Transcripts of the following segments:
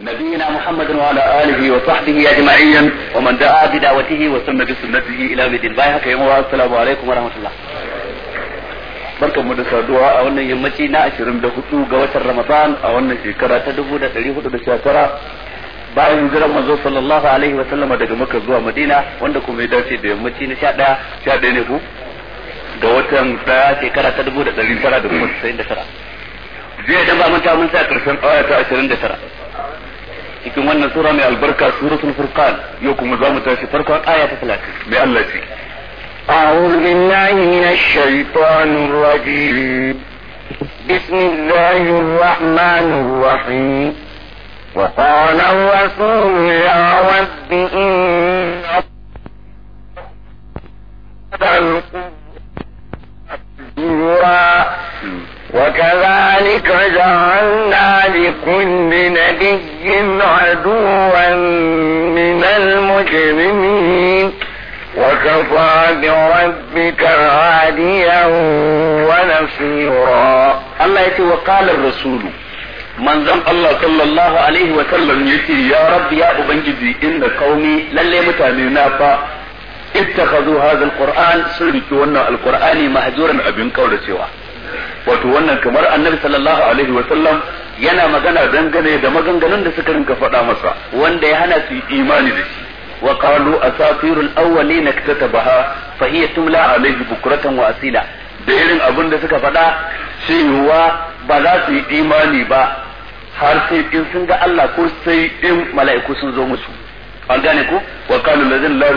نبينا محمد وعلى آله وصحبه أجمعيا ومن دعا بدعوته وسن بسنته الى يوم الدين باي السلام عليكم ورحمة الله barka mu da saduwa a wannan yammaci na 24 ga watan Ramadan a wannan shekara ta 1419 bayan hijirar manzo sallallahu alaihi wa sallama daga Makka zuwa Madina wanda kuma ya dace da yammaci na 11 11 ne ku ga watan daya shekara ta 1999 jiya da ba mun ta mun sa karshen aya ta 29 cikin wannan sura mai albarka suratul furqan yau kuma za mu tashi farkon aya ta 30 mai Allah ce أعوذ بالله من الشيطان الرجيم بسم الله الرحمن الرحيم وقال الرسول يا رب إن القرآن وكذلك جعلنا لكل نبي عدوا من المجرمين وكفى بربك عاديا ونصيرا الله يتي وقال الرسول من زم الله صلى الله عليه وسلم يتي يا رب يا أبنجدي إن قومي لن متامينا فا اتخذوا هذا القرآن سلوكي وانا القرآن مهجورا أبنك ورسيوه wato wannan kamar annabi sallallahu alaihi wa sallam yana magana dangane da maganganun da suka rinka faɗa masa wanda ya hana su imani da shi wa qalu asatirul awwalina katabaha fa hiya tumla alaihi bukratan wa asila da irin abin da suka faɗa cewa ba za su yi imani ba har sai in sun ga Allah ko sai in mala'iku sun zo musu an gane ko wa qalu lazin la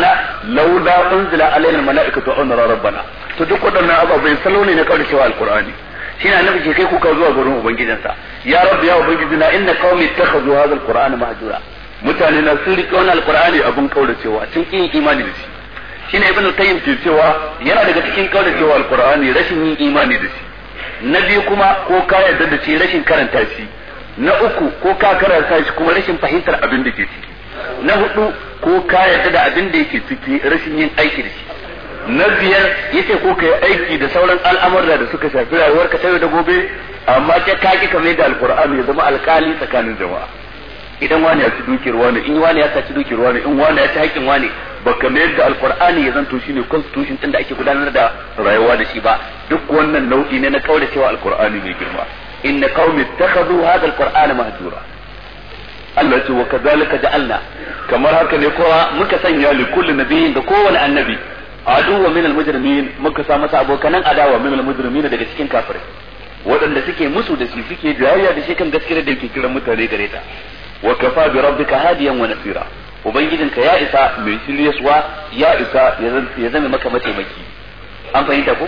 ana law laula unzila alaina malaikatu wa nara rabbana to duk waɗannan ababai salo ne na kauracewa alkur'ani shine na ke kai kuka zuwa gurin ubangijinsa ya rabu ya ubangiji na inna qaumi ittakhadhu zuwa alkur'ani mahjura mutane na sun riƙe wannan alqur'ani abun kauracewa sun kin imani da shi shine ibnu tayyib ke cewa yana daga cikin cewa alqur'ani rashin yin imani da shi na biyu kuma ko ka yarda da shi rashin karanta shi na uku ko ka karanta shi kuma rashin fahimtar abin da ke ciki na hudu ko ka yarda da abin da yake ciki rashin yin aiki da shi na biyar yace ko kai aiki da sauran al'amuran da suka shafi rayuwarka ta yau da gobe amma ta kaki kamar da alqur'ani ya zama alkali tsakanin jama'a idan wani ya ci dukiyar wani in wani ya saci dukiyar wani in wani ya ci haƙƙin wani ba kamar da alqur'ani ya zanto shine constitution din da ake gudanar da rayuwa da shi ba duk wannan nau'i ne na kaura cewa alqur'ani mai girma inna qaumi ittakhadhu hadha alqur'ana mahjura Allah ce wa kazalika ja'alna kamar haka ne kowa muka sanya li kulli nabiyyin da kowane annabi aduwa min almujrimin muka sa masa abokanan adawa min almujrimin daga cikin kafirai waɗanda suke musu da su suke jayayya da shi kan gaskiya da yake kiran mutane gare ta wa kafa bi rabbika hadiyan wa nasira ubangijinka ya isa mai shiryaswa ya isa ya zama maka mataimaki an fahimta ko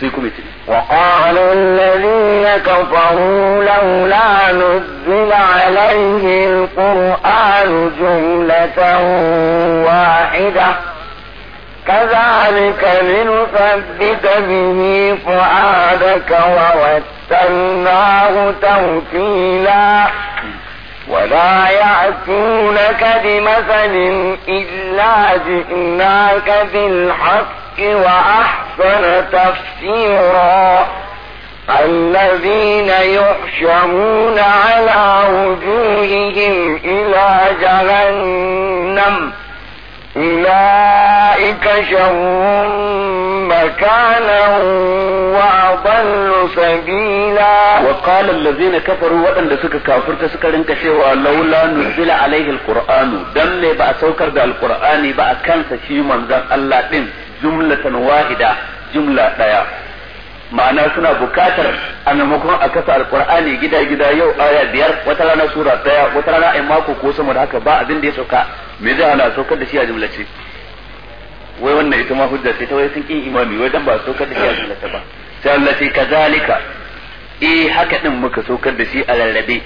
sai kuma ce qala alladhina kafaru laula nuzila alayhi alquran jumlatan واحدة كذلك لنثبت به فؤادك ووتلناه توكيلا ولا يأتونك بمثل إلا جئناك بالحق وأحسن تفسيرا الذين يحشرون على وجوههم إلى جهنم أولئك شر مكانا وأضل سبيلا وقال الذين كفروا وأن سك كافرت سكرين كشوا لولا نزل عليه القرآن دم بقى سوكر بالقرآن بقى كان شيء من الله دين جملة واحدة جملة ضياء ma'ana suna bukatar a maimakon a kasa alkur'ani gida gida yau aya biyar wata rana sura daya wata rana ai mako ko sama da haka ba abin da ya sauka me zai ana saukar da shi a jumlace wai wannan ita ma hujja ce ta wai sun kin imami wai dan ba saukar da shi a jumlace ba sai Allah sai kazalika eh haka din muka saukar da shi a rarrabe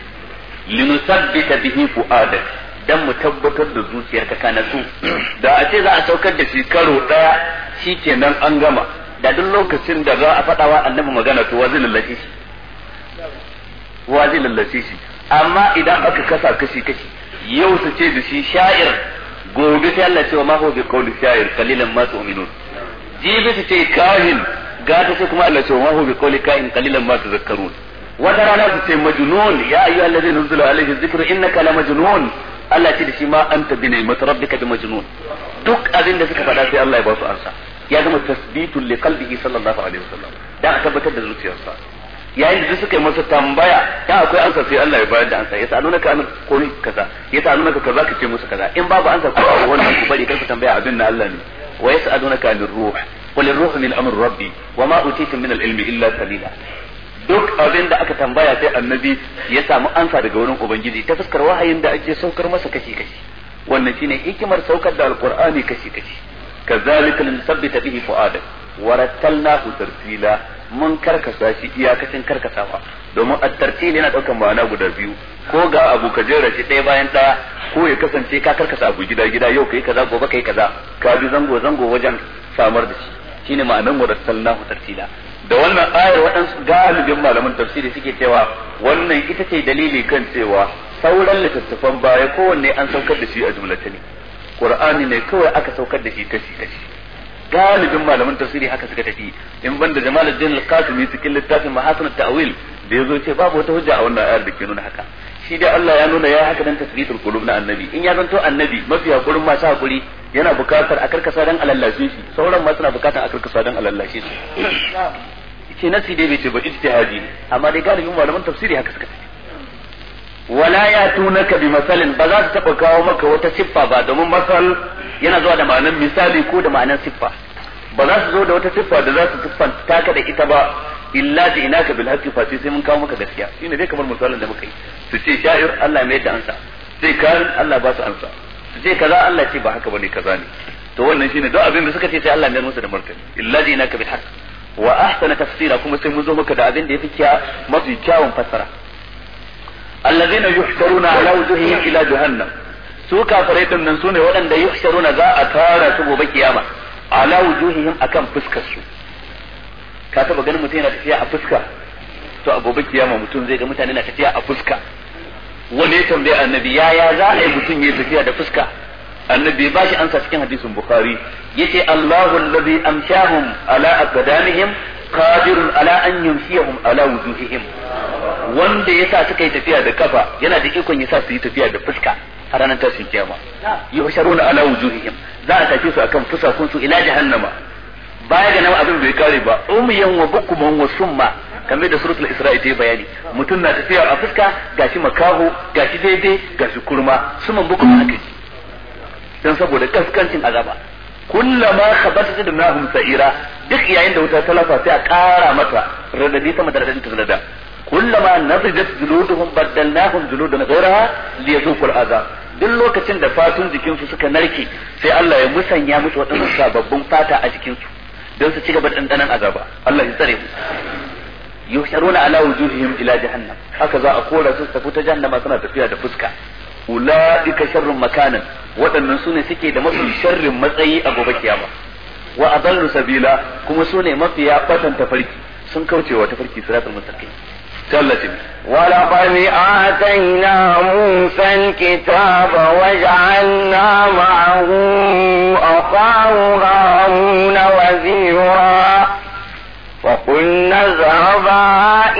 linusabbita bihi fuadak dan mu tabbatar da zuciyarka kana su da a ce za a saukar da shi karo daya shikenan an gama da duk lokacin da za a faɗawa annabi magana to wazi lallace shi wazi shi amma idan aka kasa kashi kashi yau su ce da shi sha'ir gobe sai Allah cewa ma huwa bi qawli sha'ir qalilan ma tu'minun jibi su ce kahin gata sai kuma Allah cewa ma huwa bi qawli kahin qalilan ma tadhakkarun wata rana su ce majnun ya ayyuha alladhina nuzila alayhi dhikru innaka la majnun Allah ce da shi ma anta bi ni'mati rabbika bi majnun duk abin da suka faɗa sai Allah ya ba su ansa ya zama tasbitul li qalbihi sallallahu alaihi wasallam dan a tabbatar da zuciyarsa yayin da suka yi masa tambaya ya akwai ansa sai Allah ya bayar da ansa ya sanu naka an ko kaza ya sanu naka kaza ka ce musu kaza in babu ansa ko wannan ku bari kar ku tambaya abin na Allah ne wa yas'alunaka anir ruh qul ar-ruhu min amri rabbi wa ma utitum min al-ilmi illa qalila duk abin da aka tambaya sai annabi ya samu ansa daga wurin ubangiji ta fuskar wahayin da ake saukar masa kashi kashi wannan shine hikimar saukar da alqur'ani kashi kashi kazalika linsabbita bihi fu'adak warattalnahu tartila mun karkasa shi iyakacin karkasawa domin at yana daukan ma'ana guda biyu ko ga abu ka jera shi ɗaya bayan ɗaya ko ya kasance ka karkasa abu gida gida yau kai kaza gobe kai kaza ka bi zango zango wajen samar da shi shine ma'anar wadattalnahu tartila da wannan ayar waɗansu galibin malaman tafsiri suke cewa wannan ita ce dalili kan cewa sauran littattafan baya kowanne an saukar da shi a jumlata ne qur'ani ne kawai aka saukar da shi kashi kashi galibin malaman tafsiri haka suka tafi in banda Jamal al-Qasimi cikin littafin Mahasan tawil da yazo ce babu wata hujja a wannan ayar da ke nuna haka shi dai Allah ya nuna ya haka dan tasbitul qulub na annabi in ya zanto annabi mafi hakurin masu hakuri yana bukatar a karkasa dan alallashe shi sauran ma suna bukatar a karkasa dan alallashe su ce nasi dai bai ce ba ijtihadi amma dai galibin malaman tafsiri haka suka tafi wala ya tunaka bi masalin ba za su taba kawo maka wata siffa ba domin masal yana zuwa da ma'anan misali ko da ma'anan siffa ba za su zo da wata siffa da za su siffanta ka da ita ba illa ji ina ka bil haqqi sai mun kawo maka gaskiya shine dai kamar misalin da muka yi su ce sha'ir Allah mai da ansa sai karin Allah ba su ansa su ce kaza Allah ce ba haka bane kaza ne to wannan shine duk abin da suka ce sai Allah mai musu da martani illa ji ina ka bil haqqi wa ahsana tafsira kuma sai mun zo maka da abin da yafi kya mafi kyawun fassara allazina yuhsharuna ala wujuhihim ila jahannam su kafirai din nan sune waɗanda yuhsharuna za a tara su gobe kiyama ala wujuhihim akan fuskar su ka taba ganin mutum yana tafiya a fuska to a gobe kiyama mutum zai ga mutane na tafiya a fuska wani ya tambaye annabi ya ya za a yi mutum ya tafiya da fuska annabi ba shi ansa cikin hadisin bukhari yace Allahu allazi amshahum ala aqdamihim qadirun ala an yumshiyahum ala wujuhihim wanda yasa suka yi tafiya da kafa yana da ikon yasa su yi tafiya da fuska a ranar tashin kiyama yuhsharuna ala wujuhihim za a tafi su akan fusakun su ila jahannama baya ga nan abin bai kare ba Umiyan wa bukuman wa summa kamar da suratul isra'i ta yi bayani mutum na tafiya a fuska gashi makaho gashi daidai gashi kurma suman bukuman haka dan saboda kaskancin azaba kullama khabatat dunahum sa'ira duk yayin da wuta ta lafa sai a kara mata radadi sama da radadin ta radada kullama nabidat juluduhum baddalnahum juludan ghayraha liyazuqul azab duk lokacin da fatun jikinsu suka narke sai Allah ya musanya musu waɗannan sababbin fata a jikinsu don su ci gaba ɗanɗanan azaba Allah ya tsare mu yuhsharuna ala wujuhihim ila jahannam haka za a kora su tafi ta jahannama suna tafiya da fuska ulaika sharrun makanan waɗannan su ne suke da mafi sharrin matsayi a gobe kiyama wa adallu sabila kuma su ne mafiya batan tafarki sun kaucewa tafarki siratul mustaqim كالتي ولقد آتينا موسى الكتاب وجعلنا معه أخاه هارون وزيرا وقلنا اذهبا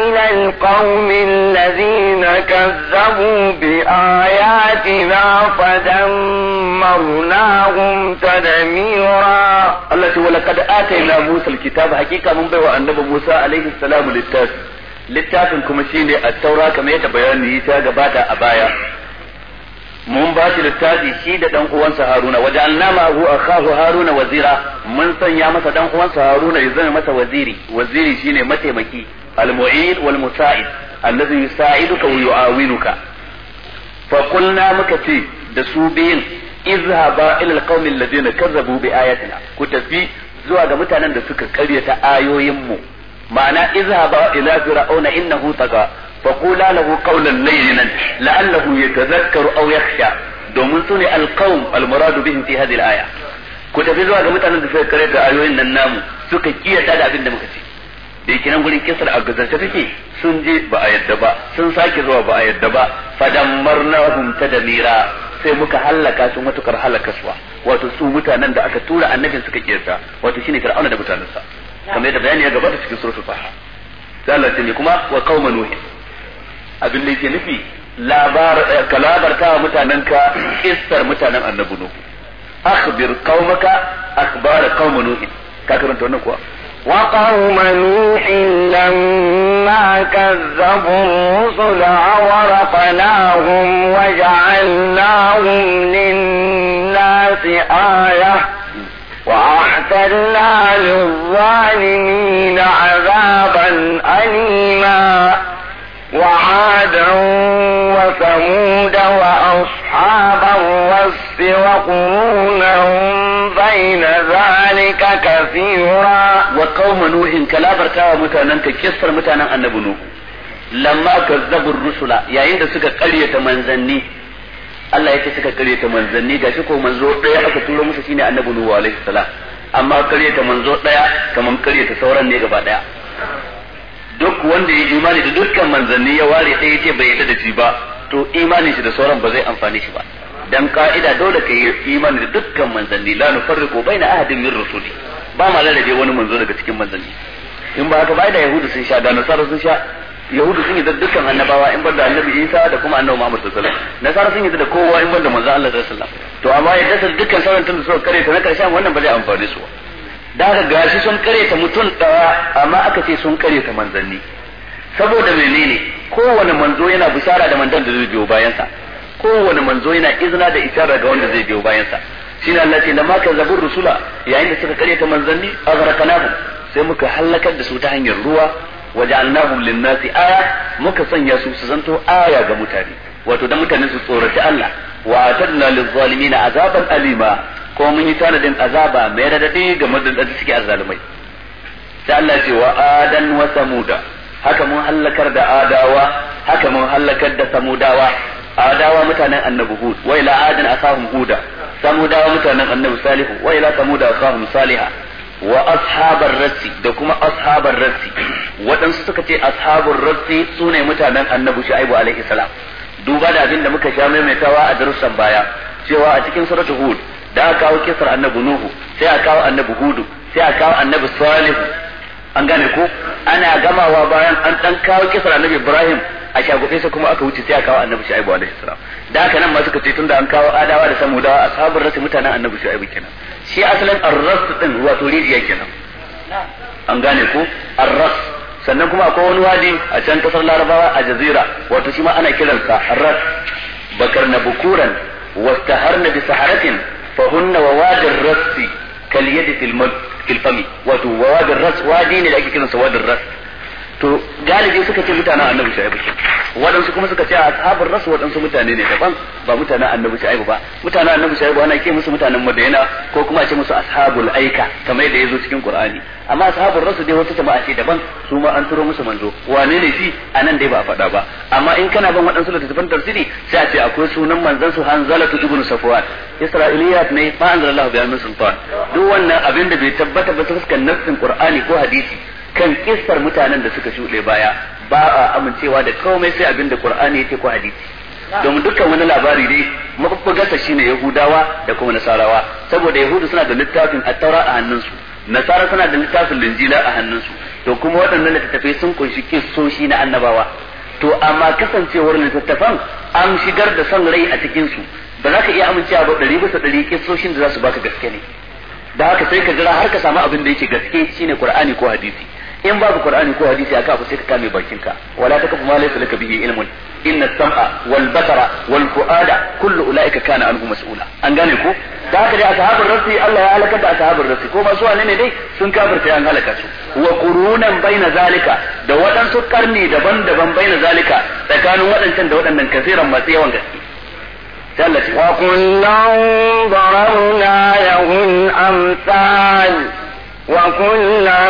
إلى القوم الذين كذبوا بآياتنا فدمرناهم تدميرا التي ولقد آتينا موسى الكتاب حقيقة من بيوى النبي موسى عليه السلام للتاسع littafin kuma shine a taura kamar yadda bayani ta gabata a baya mun ba shi littafi shi da dan uwansa Haruna waja'alna ma'ahu akhahu Haruna wazira mun sanya masa dan uwansa Haruna ya zama masa waziri waziri shine mataimaki al-mu'in wal musa'id alladhi yusa'iduka wa yu'awinuka fa qulna muka ce da su biyin izhaba ila al-qaumi alladhina kazzabu bi ayatina ku tafi zuwa ga mutanen da suka karyata ayoyin mu ma'ana izhaba ila fir'auna innahu taga faqula lahu qawlan layyinan la'allahu yatadhakkaru aw yakhsha domin sune alqawm almuradu bihim fi hadhihi alaya ku tafi zuwa ga mutanen da suka kare da ayoyin nan namu suka kiyata da abin da muka ce da yake nan gurin kisar a gazarta take sun je ba a yadda ba sun sake zuwa ba a yadda ba fadammarnahum tadmira sai muka halaka su matukar halaka suwa wato su mutanen da aka tura annabin suka kiyata wato shine fir'auna da sa. kamar yadda bayani ya gabata cikin suratul faha sai Allah ya kuma wa qauman nuh abin da yake nufi labar ka labarta wa mutanen ka istar mutanen annabi nuh akhbir qaumaka akhbar qaum nuh ka karanta wannan kuwa وقوم نوح لما كذبوا الرسل أورقناهم وجعلناهم للناس آية وعلى وأعتدنا للظالمين عذابا أليما وعادا وثمود وأصحاب الرس وقرونا بين ذلك كثيرا وقوم نوح كلابر كاوى متانا كسر متانا النبي نوح لما كذبوا الرسل يا عند سكة قرية منزني Allah yake suka karyata manzanni gashi ko manzo ɗaya aka turo musu shine annabi Nuhu alaihi salam amma ta manzo daya kamar ta sauran ne gaba daya duk wanda ya imani da dukkan manzanni ya ware ɗaya ce bai yadda da shi ba to imanin shi da sauran ba zai amfani shi ba dan ka'ida dole ka yi imani da dukkan manzanni la nufarriqu baina ahadin min rusuli ba ma lalabe wani manzo daga cikin manzanni in ba haka ba da yahudu sun sha da nasara sun sha yahudu sun yi da dukkan annabawa in bar da annabi isa da kuma annabi muhammad sallallahu alaihi wasallam nasara sun yi da kowa in bar da manzo allah sallallahu alaihi wasallam to amma yadda su dukkan sauran tun da suka kare ta na karshen wannan ba zai amfane su ba da ga gashi sun kare ta mutum daya amma aka ce sun kare ta manzanni saboda menene kowane manzo yana bishara da mandan da zai biyo bayansa kowane manzo yana izina da isharar ga wanda zai biyo bayansa shine Allah ce da maka zabur rusula yayin da suka kare ta manzanni azrakanahu sai muka halakar da su ta hanyar ruwa Waje lin Linnasi aya muka sanya su su zanto aya ga mutane wato dan mutane su tsoraci Allah wa atadna liz-zalimina azaban alima ko mun yi tanadin azaba mai ga da suke azzalumai wa adan wa samuda haka mun halakar da adawa haka mun halakar da samudawa adawa mutanen annabi hud wa ila adin asahum huda samudawa mutanen annabi salihu wa ila samuda asahum salihah wa ashabar rassi da kuma ashabar rassi waɗansu suka ce ashabar rassi su ne mutanen annabi shu'aibu alaihi salam duba da abin da muka sha maimaitawa a darussan baya cewa a cikin suratul hud da aka kawo kisar annabi nuhu sai a kawo annabi hudu sai a kawo annabi salihu an gane ko ana gamawa bayan an dan kawo kisar annabi ibrahim a shagofe sa kuma aka wuce sai a kawo annabi shu'aibu alaihi salam da haka nan ma suka ce tunda an kawo adawa da samudawa ashabul rasul mutanen annabi shu'aibu kenan shi asalin arras din wato rijiya kenan an gane ku arras sannan kuma akwai wani wadi a can kasar larabawa a jazira wato shi ma ana kiransa arras bakar na bukuran واستهرن بسحرة فهن ووادي الرس كاليد في الفم wato ووادي ras وادي ne da ake kiransa wadin ras. to galibi suka ce mutanen annabi ke waɗansu kuma suka ce a sahabar rasu waɗansu mutane ne daban ba mutanen annabi shaibu ba mutanen annabi shaibu ana ke musu mutanen madaina ko kuma a ce musu ashabul aika kamar yadda ya zo cikin qur'ani amma sahabar rasu dai wata jama'a ce daban su ma an turo musu manzo wane ne shi anan dai ba a faɗa ba amma in kana ban waɗansu littattafan tafsiri sai a ce akwai sunan manzon su hanzalatu ibnu safwan isra'iliyat ne ma anzalallahu bi sultan duk wannan abin da bai tabbata ba ta fuskar nassin qur'ani ko hadisi kan kissar mutanen da suka shuɗe baya ba a amincewa da komai sai abin da Qur'ani yake ko hadisi domin dukkan wani labari dai mafaffagarsa shine Yahudawa da kuma Nasarawa saboda Yahudu suna da littafin Attaura a hannunsu Nasara suna da littafin Linjila a hannunsu to kuma waɗannan littattafai sun kunshi kissoshi na annabawa to amma kasancewar littattafan an shigar da son rai a cikinsu ba za ka iya amincewa ba ɗari bisa ɗari kissoshin da za su baka gaske ne da haka sai ka jira har ka samu abin da yake gaske shine Qur'ani ko hadisi in babu qur'ani ko hadisi aka abu sai ka kame bakinka wala takafu ma laysa laka bihi ilmun inna sama wal basara wal fu'ada kullu ulaika kana anhu mas'ula an gane ko da haka dai ashabul rasi Allah ya halaka da ashabul rasi ko ba su wane ne dai sun kafirta an halaka su wa qurunan baina zalika da waɗansu karni daban-daban baina zalika tsakanin waɗancan da waɗannan kasiran masu yawan gaske وكلا ضربنا له الأمثال وكلا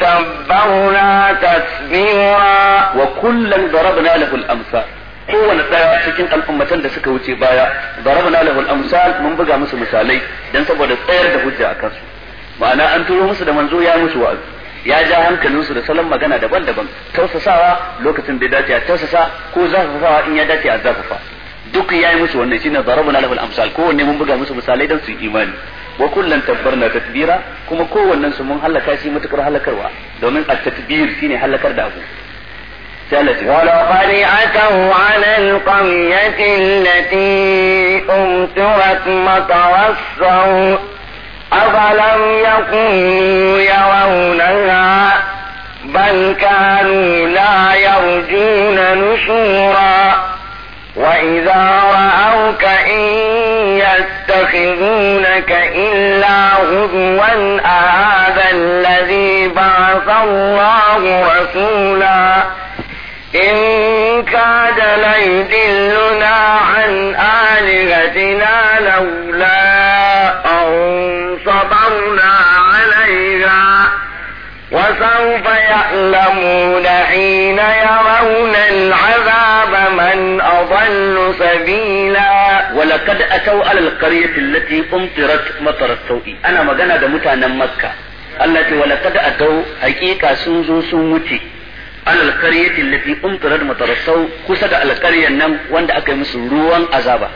تبرنا تتبيرا وكلا ضربنا له الأمثال kowane ɗaya cikin al'ummatan da suka wuce baya darabna lahu al-amsal mun buga musu misalai dan saboda tsayar da hujja a kansu ma'ana an turo musu da manzo ya musu wa'azi ya ja hankalinsu da salon magana daban-daban tausasawa lokacin da ya dace a tausasa ko zafafawa in ya dace a zafafa duk ya yi musu wannan shine darabna lahu al-amsal kowanne mun buga musu misalai dan su imani wa kullum tabbarna tatbira kuma kowannen su mun halaka shi matukar halakarwa domin at-tatbir shine halakar da abu ولقد أتوا على القرية التي أمطرت مطر السوء أفلم يكونوا يرونها بل كانوا لا يرجون نشورا وإذا رأوك إن يتخذونك إلا هدوا أهذا الذي بعث الله رسولا إن كاد ليدلنا عن آلهتنا لولا أن صبرنا عليها وسوف يعلمون حين يرون العذاب من أضل سبيلا walaqad ataw alal qaryati allati umtirat matarat sau'i ana magana da mutanen makka Allah ce walaqad ataw haqiqa sun zo sun wuce alal qaryati allati umtirat matarat sau kusa da alqaryan nan wanda aka yi musu ruwan azaba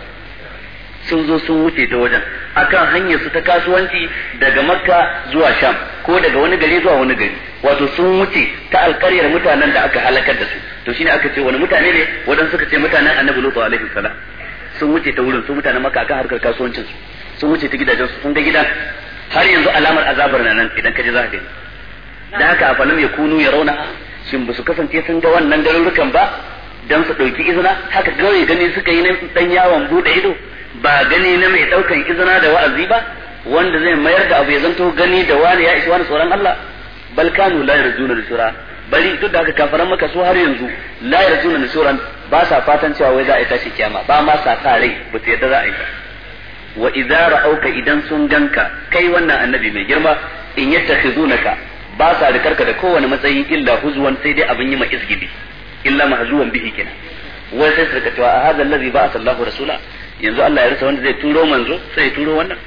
sun zo sun wuce ta wajen akan hanyar su ta kasuwanci daga makka zuwa sham ko daga wani gari zuwa wani gari wato sun wuce ta alkaryar mutanen da aka halakar da su to shine aka ce wani mutane ne wadan suka ce mutanen annabi lutu alaihi salam sun wuce ta wurin sun mutanen maka akan harkar kasuwancin su sun wuce ta gidajen su sun ga gida har yanzu alamar azabar na nan idan ka ji za ka gani da haka afalam ya kunu ya rauna shin ba su kasance sun ga wannan garurrukan ba dan su ɗauki izina haka gawai gani suka yi na dan yawon buɗe ido ba gani na mai ɗaukan izina da wa'azi ba wanda zai mayar da abu ya zanto gani da wani ya ishi wani tsoron Allah bal kanu la yarjuna nusura bari duk da haka kafaran maka su har yanzu la na nusuran ba sa fatan cewa wai za a yi tashi kiyama ba ma sa sa rai ba su yadda za a yi wa idza ra'auka idan sun ganka kai wannan annabi mai girma in yattakhizunaka ba sa karka da kowane matsayi illa huzwan sai dai abin yi ma izgidi illa mahzuwan bihi kina. wai sai suka cewa a hadha allazi ba'atha Allahu rasula yanzu Allah ya rasa wanda zai turo manzo sai turo wannan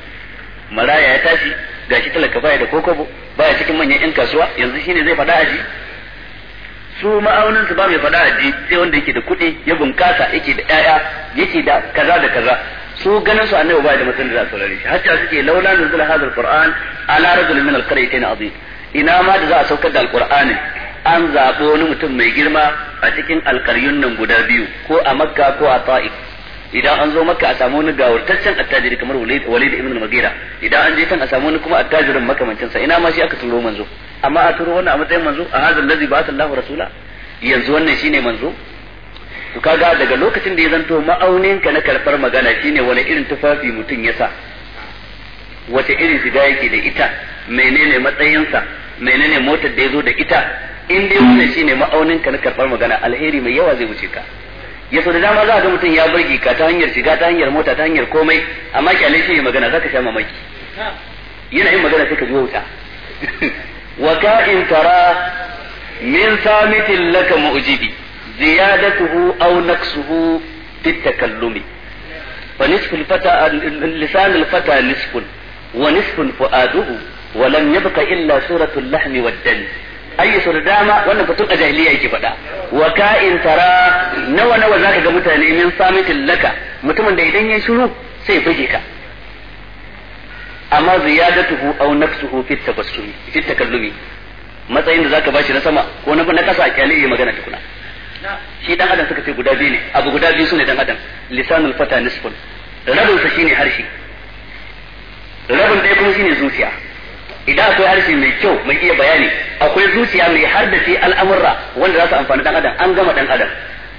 maraya ya tashi gashi talaka baya da kokobo baya cikin manyan yan kasuwa yanzu shine zai faɗa aji su ma'aunin su ba mai fada a ji sai wanda yake da kuɗi ya bunkasa yake da ƴaƴa yake da kaza da kaza su ganin su annabi ba da mutum da saurare shi ta suke laula nuzul hadha alquran ala rajulin min alqaryatayn azim ina ma da za a saukar da alqur'ani an zaɓo wani mutum mai girma a cikin alkaryun nan guda biyu ko a makka ko a ta'if idan an zo maka a samu wani gawurtaccen attajiri kamar walid ibn magira idan an je kan a samu wani kuma attajirin makamancinsa ina ma shi aka turo manzo amma a turo wannan a matsayin manzo a lazi ba ta lahu rasula yanzu wannan shine manzo to kaga daga lokacin da ya zanto ma'aunin ka na karfar magana shine wani irin tufafi mutum ya sa wace irin shiga yake da ita menene matsayinsa menene motar da ya zo da ita in dai wannan shine ma'aunin ka na karfar magana alheri mai yawa zai wuce ka ya so da dama za ga mutum ya burge ka ta hanyar shiga ta hanyar mota ta hanyar komai amma ki kyale shi magana zaka sha mamaki yana yin magana sai ka zo wuta wa ka in tara min samitin laka mu'jibi ziyadatuhu aw naqsuhu fit takallumi fa nisfu al-fata lisan al-fata nisfun wa nisfun fu'aduhu wa lam yabqa illa suratul lahmi wad-dami ai da dama wannan fatun a jahiliya yake faɗa wa ka'in tara nawa nawa zaka ga mutane min samitin laka mutumin da idan ya shiru sai ya ka amma ziyadatuhu aw nafsuhu fi tabassumi fi takallumi matsayin da zaka bashi na sama ko na na kasa kyale yayi magana tukuna shi dan adam suka ce guda biyu ne abu guda biyu sune dan adam lisanul fata nisfun rabin sa shine harshe rabin dai kuma shine zuciya idan akwai harshe mai kyau mai iya bayani akwai zuciya mai hardace al'amurra wanda za su amfani dan adam an gama dan adam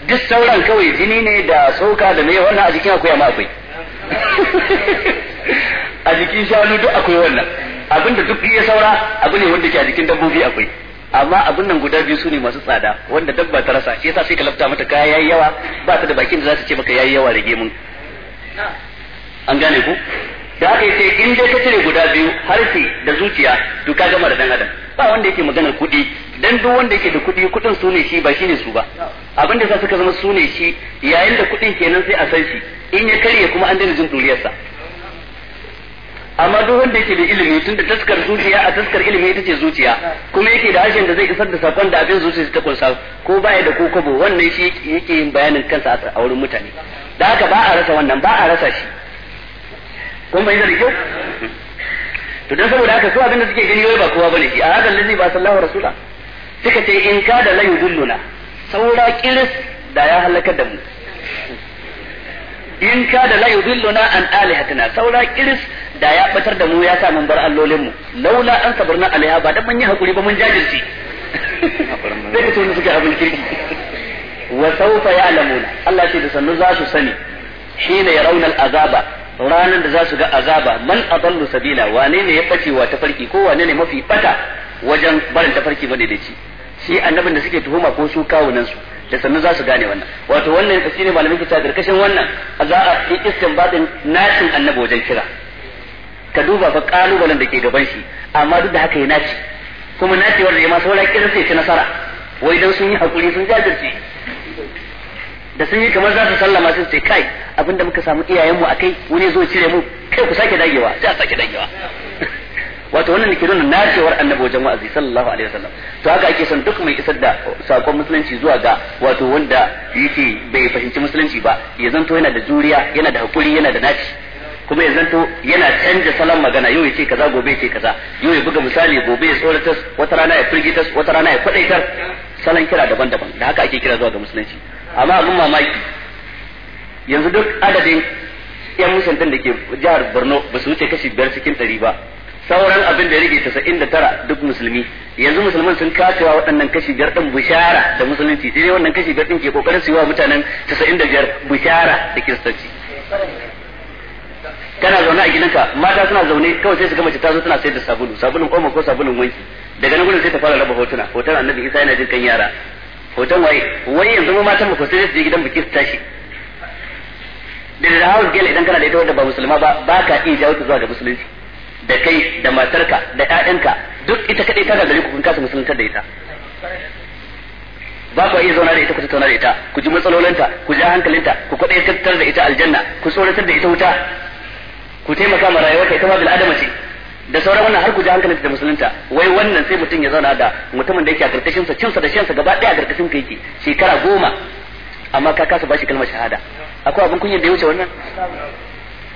duk sauran kawai jini ne da sauka da mai wannan a jikin akwai amma akwai a jikin shanu duk akwai wannan abinda duk iya saura abu ne wanda ke a jikin dabbobi akwai amma abin nan guda biyu su ne masu tsada wanda dabba ta rasa shi yasa sai ka lafta mata kaya yayi yawa ba ta da bakin da za ta ce maka yayi yawa rage mun an gane ku da aka yi sai in dai ka cire guda biyu harshe da zuciya to ka gama da dan adam ba wanda yake maganar kuɗi dan duk wanda yake da kuɗi kuɗin su ne shi ba shi ne su ba abin da suka zama su ne shi yayin da kuɗin kenan sai a san shi in ya karye kuma an daina jin duriyarsa amma duk wanda yake da ilimi tun da taskar zuciya a taskar ilimi ita ce zuciya kuma yake da harshen da zai isar da sakon da abin zuciya ta kunsa ko baya da kokobo wannan shi yake yin bayanin kansa a wurin mutane da haka ba a rasa wannan ba a rasa shi kun bai da kyau to dan saboda haka su abinda suke gani wai ba kowa bane a hakan lazi ba sallahu rasula suka ce in ka da layu dulluna saura kiris da ya halakar da mu in ka da layu dulluna an alihatina saura kiris da ya batar da mu ya sa mun bar allolin mu laula an sabarna alaiha ba dan mun yi hakuri ba mun jajirce sai ka tona suke abin kirki wa sawfa ya'lamuna Allah ce da sannu za su sani shine yarawna al'azaba ranar da za su ga azaba man adallu sabila wane ne ya bace wa tafarki ko wane ne mafi bata wajen barin tafarki bane da ci shi annabin da suke tuhuma ko su kawunan su da sannu za su gane wannan wato wannan kashi ne malamin kita karkashin wannan za a iskan badin nashin annabi wajen kira ka duba fa kalubalen da ke gaban shi amma duk da haka ya naci kuma nacewar da ya ma saura kira sai ci nasara wai dan sun yi hakuri sun jajirce da sun yi kamar za su sallama sun ce kai abinda muka samu iyayenmu a kai wani zo cire mu kai ku sake dagewa sai a sake dagewa wato wannan ke nuna nacewar annabi wajen wa'azi sallallahu alaihi wasallam to haka ake son duk mai isar da sakon musulunci zuwa ga wato wanda yake bai fahimci musulunci ba ya zanto yana da juriya yana da hakuri yana da naci kuma ya zanto yana canja salon magana yau ya ce kaza gobe ya ce kaza yau ya buga misali gobe ya tsoratas wata rana ya firgitas wata rana ya kwadaitar salon kira daban-daban da haka ake kira zuwa ga musulunci amma abin mamaki yanzu duk adadin yan musantan da ke jihar Borno ba su wuce kashi biyar cikin ɗari ba sauran abin da ya rage tasa'in da tara duk musulmi yanzu musulman sun kacewa waɗannan kashi biyar ɗin bushara da musulunci sai dai wannan kashi biyar ɗin ke ƙoƙarin su yi wa mutanen tasa'in da biyar bushara da kiristanci kana zaune a gidanka mata suna zaune kawai sai su gama mace ta zo tana sayar da sabulu sabulun omo ko sabulun wanki daga nan gudun sai ta fara raba hotuna hoton annabi isa yana jin kan yara hoton waye wani yanzu mu matan mu sai su je gidan biki su tashi da da house girl idan kana da ita wanda ba musulma ba ba ka iya jawo ta zuwa ga musulunci da kai da matarka da ƴaƴanka duk ita kadai ta gari ku kun kasa musuluntar da ita ba ku iya zauna da ita ku tattauna da ita ku ji matsalolinta ku ja hankalinta ku kwaɗe tattar da ita aljanna ku tsoratar da ita wuta ku taimaka ma rayuwarka ita ma bil adama ce da sauran wannan har guje hankalinta da musulunta wai wannan sai mutum ya zauna da mutumin da yake a karkashin sa cinsa da shansa gaba daya a karkashin ka yake shekara goma amma ka kasa bashi kalmar shahada akwai abin kunyar da ya wuce wannan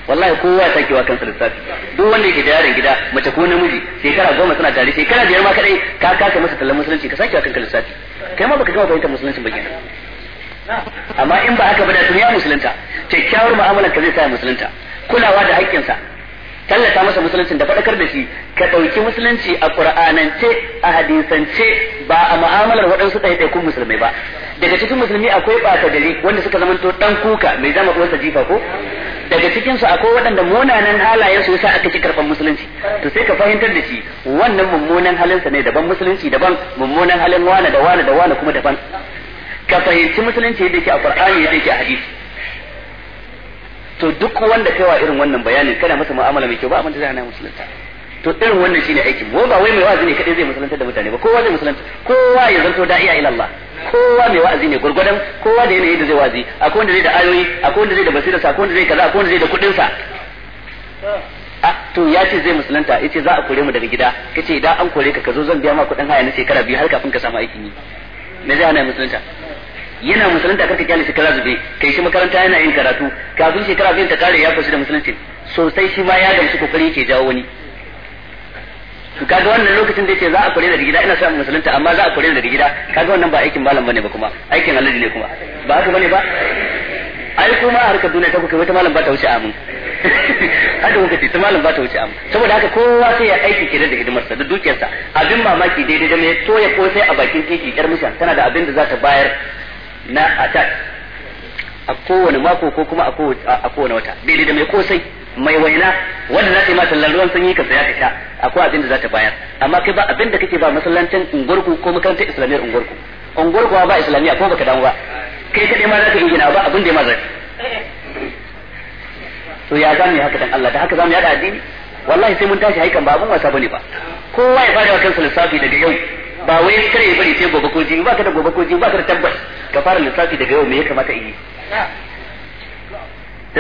wallahi kowa ya sake wa kansa lissafi duk wanda yake da yaron gida mace ko namiji shekara goma suna tare shekara biyar ma kadai ka kasa masa tallan musulunci ka sake wa kanka lissafi kai ma baka gama fahimtar musulunci ba kenan amma in ba haka ba da tun ya musulunta kyakkyawar mu'amalar ka zai sa musulunta kulawa da haƙƙinsa tallata masa musulunci da faɗakar da shi ka ɗauki musulunci a ƙur'anance a hadisance ba a mu'amalar waɗansu ɗaiɗaikun musulmai ba daga cikin musulmi akwai ɓata gari wanda suka zamanto ɗan kuka mai zama uwarsa jifa ko daga cikin su akwai waɗanda munanan halayen su yasa aka ci karɓar musulunci to sai ka fahimtar da shi wannan mummunan halin sa ne daban musulunci daban mummunan halin wane da wane da wane kuma daban ka fahimci musulunci yadda yake a qur'ani yadda yake a hadisi to duk wanda kai wa irin wannan bayanin kana masa mu'amala mai kyau ba amma zai hana musulunta to irin wannan shine aikin mu ba wai mai wa'azi ne kadai zai musulunta da mutane ba kowa zai musulunta kowa ya zanto da'iya ila Allah kowa mai wa'azi ne gurgurdan kowa da yanayi da zai wa'azi akwai wanda zai da ayoyi akwai wanda zai da basira akwai wanda zai kaza akwai wanda zai da kudin sa to ya ce zai musulunta yace za a kore mu daga gida kace idan an kore ka ka zo zan biya ma kudin haya na shekara biyu har kafin ka samu aikin yi me zai hana musulunta yana musulunta karka kyale shekara zube kai shi makaranta yana yin karatu kafin shekara biyun ta kare ya fashi da musulunci sosai shi ma ya gamsu kokari yake jawo wani to kaga wannan lokacin da yace za a kore da gida ina son musulunta amma za a kore da gida kaga wannan ba aikin malam bane ba kuma aikin Allah ne kuma ba haka bane ba ai kuma a harkar duniya ta kuka wata malam ba ta wuce amin haka kuka ce ta malam ba ta wuce amin saboda haka kowa sai ya aiki ke da hidimarsa da dukiyarsa abin mamaki daidai da mai toya ko sai a bakin titi yar musa tana da abin da za ta bayar na atak a kowane mako ko kuma a kowane wata daidai da mai kosai mai waina wanda za ta yi masallan ruwan sanyi ka saya ka a akwai abin da za ta bayar amma kai ba abin da kake ba masallancin ungurku ko makarantar islamiyyar ungurku ungurku ba islamiyya ko baka damu ba kai kadai ma za ka ingina ba abin da ya ma zafi to ya zamu haka dan Allah da haka zamu yada addini wallahi sai mun tashi haikan ba abin wasa bane ba kowa ya fara wa kansa lissafi daga yau ba wai kare ya bari sai gobe ko jibi ba ka da gobe ko jibi ba ka da tabbas ka fara lissafi daga yau me ya kamata in yi sai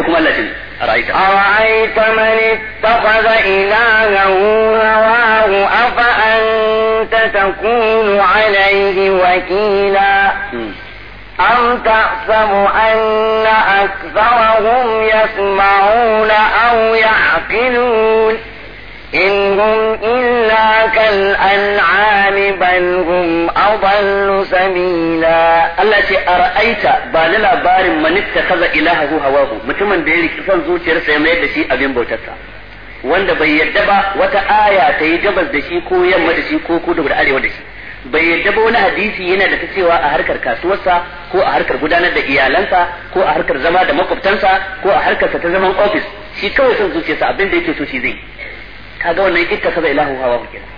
kuma Allah ce ara'aita ara'aita man ittakhadha ilahahu hawahu afa anta takunu alayhi wakila أم تحسب أن أكثرهم يسمعون أو يعقلون إن كالأنعام بل هم أضل سبيلا الله ce أرأيت بالي labarin من اتخذ إلهه هواه mutumin da ya riki son zuciyarsa ya mayar da shi abin bautarsa wanda bai yadda ba wata aya ta yi gabas da shi ko yamma da shi ko da arewa da shi bai yadda ba wani hadisi yana da ta cewa a harkar kasuwarsa ko a harkar gudanar da iyalansa ko a harkar zama da makwabtansa ko a harkarsa ta zaman ofis shi kawai son zuciyarsa abin da yake so shi zai kaga wannan ita kaza ilahu hawa kenan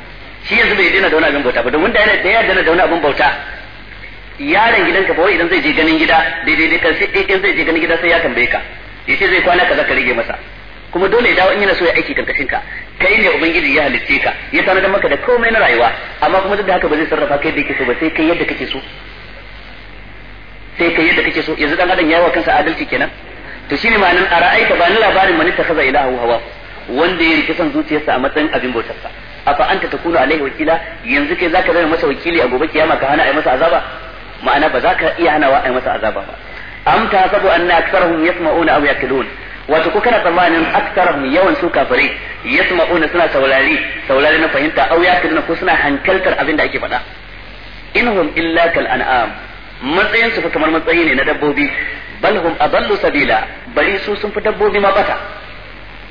shi yanzu bai daina da wani abin bauta ba domin da yana da yarda da wani abin bauta yaron gidanka ba wai idan zai je ganin gida daidai da kansa eh, idan zai je ganin gida sai ya tambaye ka yace zai kwana kaza ka rage masa kuma dole ya dawo in yana so ya aiki karkashin ka kai ne ubangiji ya halicce ka ya tanadar maka da komai na rayuwa amma kuma duk da haka ba zai sarrafa kai da yake so ba sai kai yadda kake so sai kai yadda kake so yanzu dan adam yayi wa kansa adalci kenan to shine ma'anar ara'aita ba ni labarin manita ta kaza ilahu hawa wanda ya rike son zuciyarsa a matsayin abin bautarsa afa anta takunu alaihi wakila yanzu kai zaka zama masa wakili a gobe kiyama ka hana ai masa azaba ma'ana ba za ka iya hanawa ai masa azaba ba am ta sabu anna aktharuhum yasma'una aw yaqilun wato ko kana tsammanin aktharuhum yawan su kafirai yasma'una suna saurari saurari na fahimta aw yaqiluna ko suna hankaltar abin da ake faɗa inhum illa kal an'am matsayin su fa kamar matsayi ne na dabbobi bal hum adallu sabila bari su sun fi dabbobi ma bata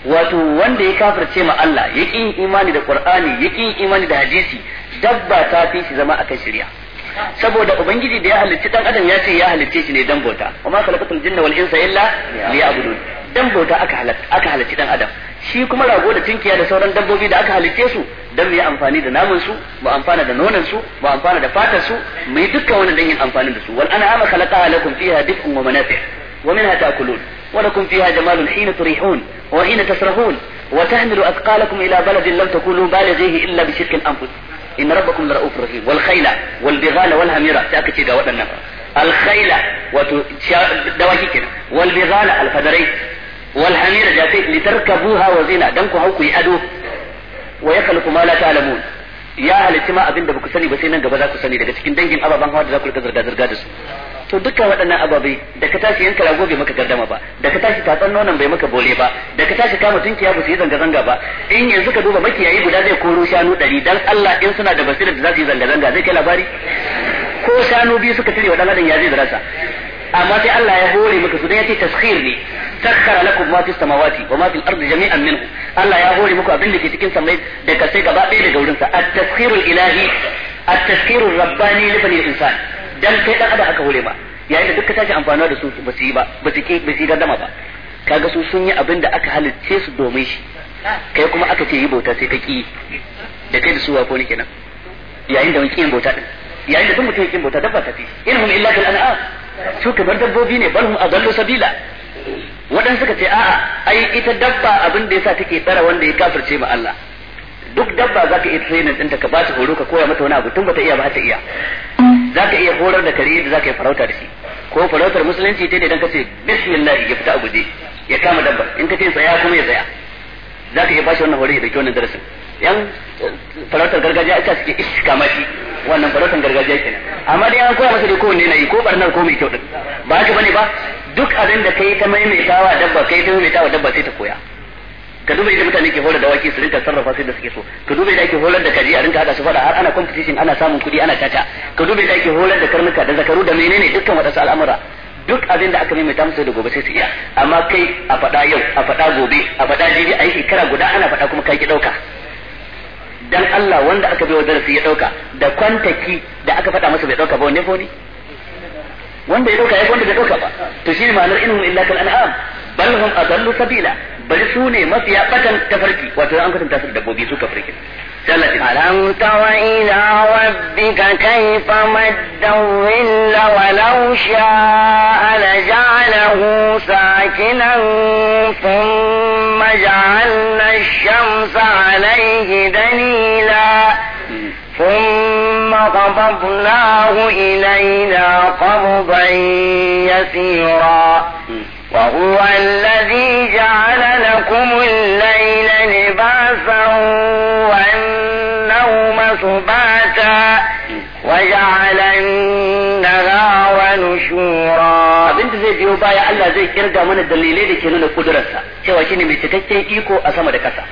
wato wanda ya kafirce ma Allah ya ƙin imani da Qur'ani ya ƙin imani da hadisi dabba ta fi shi zama akan shari'a saboda ubangiji da ya halicci dan adam ya ce ya halicce shi ne dan bauta wa ma khalaqatul jinna wal insa illa liya'budun dan bauta aka halatta aka halicci dan adam shi kuma rago da tunkiya da sauran dabbobi da aka halicce su dan mu yi amfani da naman su mu amfana da nonan su mu amfana da fatar su mu yi dukkan wani dan yin amfani da su wal an'ama khalaqaha lakum fiha dif'un wa manafi' ومنها تأكلون ولكم فيها جمال حين تريحون وحين تسرحون وتحملوا أثقالكم إلى بلد لم تكونوا بالغيه إلا بشرك الأنفس إن ربكم لرؤوف رحيم والخيل والبغال والهميرة تأكد دواء النفر الخيل دواشكنا والبغال الفدري والهميرة جاتي لتركبوها وزينة دنكو هوكو يأدو ويخلق ما لا تعلمون يا أهل السماء أبين دبكو سني بسينا دبكو سني دبكو سني دبكو سني دبكو سني دبكو سني دبكو سني دبكو to duka waɗannan ababai da ka tashi yanka rago bai maka gardama ba da ka tashi tatsan nonon bai maka bole ba da ka tashi kama tunkiya ba su yi zanga zanga ba in yanzu ka duba makiyayi guda zai koro shanu ɗari dan Allah in suna da basira da za su yi zanga zanga zai kai labari ko shanu biyu suka tare wa ɗin ya zai darasa amma sai Allah ya hore maka su dan yace taskhir ne takhara lakum ma fis samawati wa ma fil ardi jami'an minhu Allah ya hore muku abin da ke cikin samai da kasai gaba ɗaya daga gaurinsa at-taskhirul ilahi at-taskhirur rabbani li insan dan kai dan adam aka hore ba yayin da duk ka tashi amfanuwa da su ba su yi ba ba su ba su gardama ba kaga su sun yi abin da aka halicce su domin shi kai kuma aka ce yi bauta sai ka ki da kai da su wako ne kenan yayin da wani bauta din yayin da duk mutum yake bauta dabba ta fi hum illa kal an'am su kamar dabbobi ne bal hum adallu sabila waɗansu suka ce a'a ai ita dabba abin da yasa take tsara wanda ya kafirce ma Allah duk dabba za ka iya training ɗinta ka ba ta horo ka koya mata wani abu tun bata iya ba ta iya za ka iya horar da kare yadda ka yi farauta da shi ko farautar musulunci ta ne ka ce bismillah ya fita a guje ya kama dabba in ce tsaya kuma ya tsaya ka iya ba shi wannan horo ya dauki wannan darasin yan eh, farautar gargajiya ita suke iska mashi wannan farautar gargajiya kenan amma dai an koya masa da kowanne na yi ko barnar ko mai kyau din ba haka bane ba duk abin da kai ta maimaitawa dabba kai ta maimaitawa dabba sai ta koya ka duba idan mutane ke horar da waki su rinka sarrafa su da suke so ka duba idan ake horar da kaji a rinka hada su fada har ana competition ana samun kudi ana tata ka duba idan ake horar da karnuka da zakaru da menene dukkan wadansu al'amura duk abin da aka maimaita musu da gobe sai su iya amma kai a fada yau a fada gobe a fada jibi a yi shekara guda ana fada kuma kai ki ɗauka dan Allah wanda aka bai wa darasi ya ɗauka da kwantaki da aka fada masa bai ɗauka ba wanne ko ne wanda ya ɗauka ya wanda bai ɗauka ba to shi ma'anar inhum illa kal an'am bal hum adallu sabila bari su ne mafiya batan tafarki wato an kasanta su dabbobi su kafarki ألم تر إلى ربك كيف مد الظل ولو شاء لجعله ساكنا ثم جعلنا الشمس عليه دليلا ثم قبضناه إلينا قبضا يسيرا وهو الذي جعل لكم الليل لباسا والنوم سباتا وجعل النهار نشورا abin da zai biyo baya Allah zai kirga mana dalilai da ke nuna kudurarsa cewa ne mai cikakken iko a sama da kasa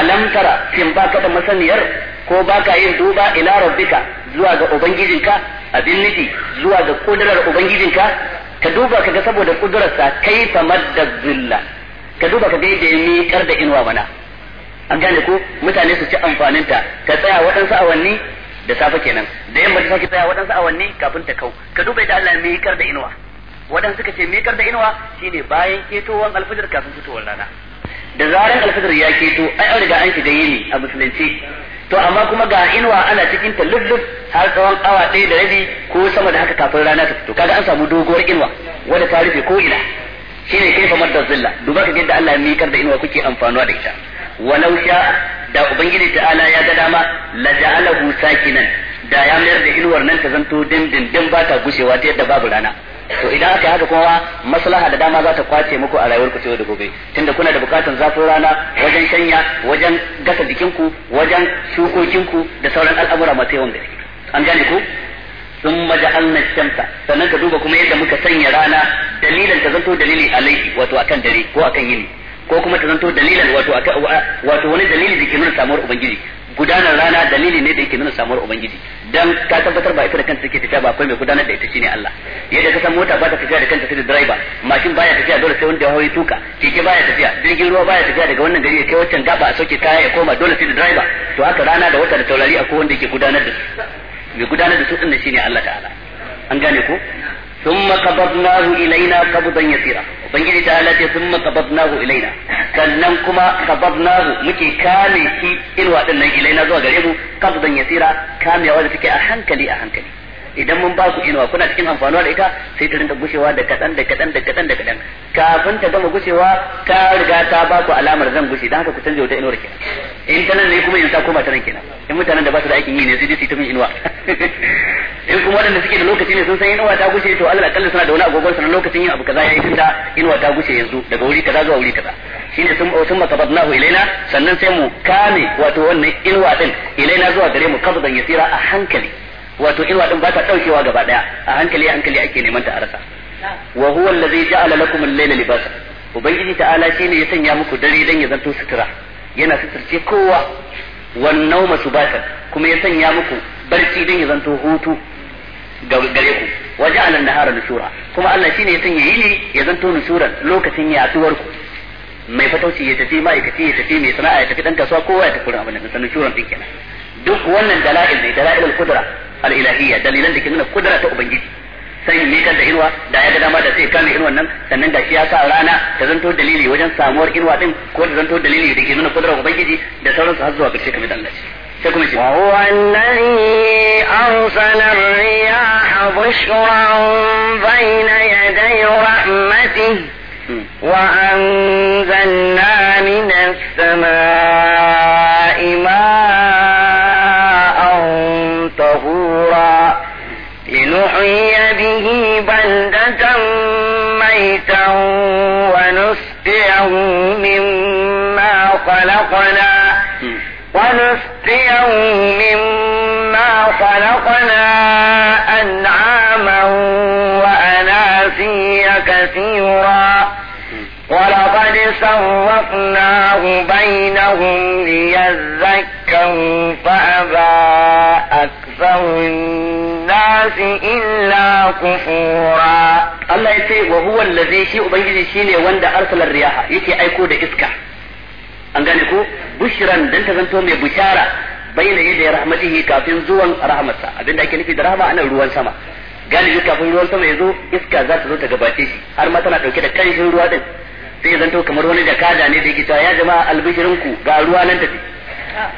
alam tara kin baka da masaniyar ko baka yin duba ila rabbika zuwa ga ubangijinka abin nufi zuwa ga kudurar ubangijinka ka duba kaga saboda kudurarsa ta madda zilla ka duba kaga yadda ya miƙar da inuwa mana an gane ko mutane su ci amfanin ta ta tsaya waɗansu awanni da safe kenan da yamma ta sake tsaya waɗansu awanni kafin ta kau ka duba yadda Allah ya miƙar da inuwa waɗansu suka ce miƙar da inuwa shine bayan ketowar alfajir kafin fitowar rana da zaran alfajir ya keto ai an riga an shiga yini a musulunci to amma kuma ga inuwa ana cikin ta lulluf har tsawon awa ɗaya da rabi ko sama da haka kafin rana ta fito kaga an samu doguwar inuwa wanda ta rufe ko ina shine famar da zilla duba ka da Allah ya mikar da inuwa kuke amfanuwa da ita walau sha da ubangiji ta'ala ya ga dama la ja'alahu sakinan da ya mayar da inuwar nan ta zanto dindindin ba ta gushewa ta yadda babu rana to idan aka haka kuma maslaha da dama za ta kwace muku a rayuwar ku da gobe tunda kuna da bukatun zafin rana wajen shanya wajen gasa jikinku wajen shukokinku da sauran al'amura masu yawan gaske an gane ku sun maja'alna shamsa sannan ka duba kuma yadda muka sanya rana dalilan ta zanto dalili alaihi wato akan dare ko akan yini ko kuma ta zanto dalilan wato wato wani dalili da ke nuna samuwar ubangiji gudanar rana dalili ne da yake nuna samuwar ubangiji dan ka tabbatar ba ita da kanta take tafiya ba akwai mai gudanar da ita shine Allah yadda ka san mota ba ta tafiya da kanta sai da driver mashin baya tafiya dole sai wanda ya hawo tuka keke baya tafiya jirgin ruwa baya tafiya daga wannan gari ya kai wancan gaba a sauke kaya ya koma dole sai da driver to haka rana da wata da taurari akwai wanda yake gudanar da su mai gudanar da su din shine Allah ta'ala an gane ko ثم قبضناه إلينا قبضا يسيرا ubangiji ta halace sun maqabadnahu ilaina sannan kuma qabadnahu muke kame in irwa din nan ilaina zuwa gare mu qabdan yasira kamewa da take a hankali a hankali idan mun ba ku inuwa kuna cikin amfanuwa da ita sai ta rinka gushewa da kadan da kadan da kadan da kadan kafin ta gama gushewa ta riga ta ba ku alamar zan gushe dan haka ku canje wata inuwar kenan in ta nan ne kuma in ta koma ta nan kenan in mutanen da ba su da aikin yi ne sai su ta min inuwa in kuma wadanda suke da lokaci ne sun san inuwa ta gushe to Allah kallon suna da wani agogon na lokacin yin abu kaza yi tunda inuwa ta gushe yanzu daga wuri kaza zuwa wuri kaza shine sun oh, sun makabadnahu ilaina sannan sai mu kame wato wannan inuwa din ilaina zuwa gare mu kabdan yasira a hankali wato irwa din ba ta daukewa gaba daya a hankali a hankali ake neman ta arasa rasa wa huwa allazi ja'ala lakum al-layla libasa ubangiji ta'ala shine ya sanya muku dare dan ya zanto sutura yana suturce kowa wan nauma subatan kuma ya sanya muku barci dan ya zanto hutu gare ku wa ja'ala an-nahara nusura kuma Allah shine ya sanya yini ya zanto nushuran lokacin yaduwar ku mai fatauci ya tafi ma'aikaci ya tafi mai sana'a ya tafi dan kasuwa kowa ya tafi abin da sanin shuran din kenan duk wannan dala'il ne dala'ilul qudra al-ilahiyya dalilan da ke nuna kudura ta ubangiji sai ne kan da inuwa da ya ga dama da sai kame inuwan nan sannan da shi ya sa rana ta zanto dalili wajen samuwar inuwa din ko ta zanto dalili da ke nuna kudurar ubangiji da sauransu har zuwa karshe kamar da Allah ce وهو الذي أرسل الرياح بشرا بين يدي رحمته وأنزلنا من السماء ميتا ونسقيه مما خلقنا ونسقيه مما خلقنا أنعاما وأناسيا كثيرا ولقد صرفناه بينهم ليذكروا فأبى أكثر الناس الناس إلا كفورا الله يتي وهو الذي شيء أبنجي شيني وندا أرسل الرياح يتي أيكو دا إسكا أنغانيكو بشرا دنتا زنتو مي بشارة بين يدي رحمته كافين زوان أبين دا كنفي أنا روان سما kafin ruwan sama ya iska za ta zo ta gabace shi har ma tana dauke da kanshin ruwa din sai ya zanto kamar wani jakada ne da yake cewa ya jama'a albishirinku ga ruwa nan tafi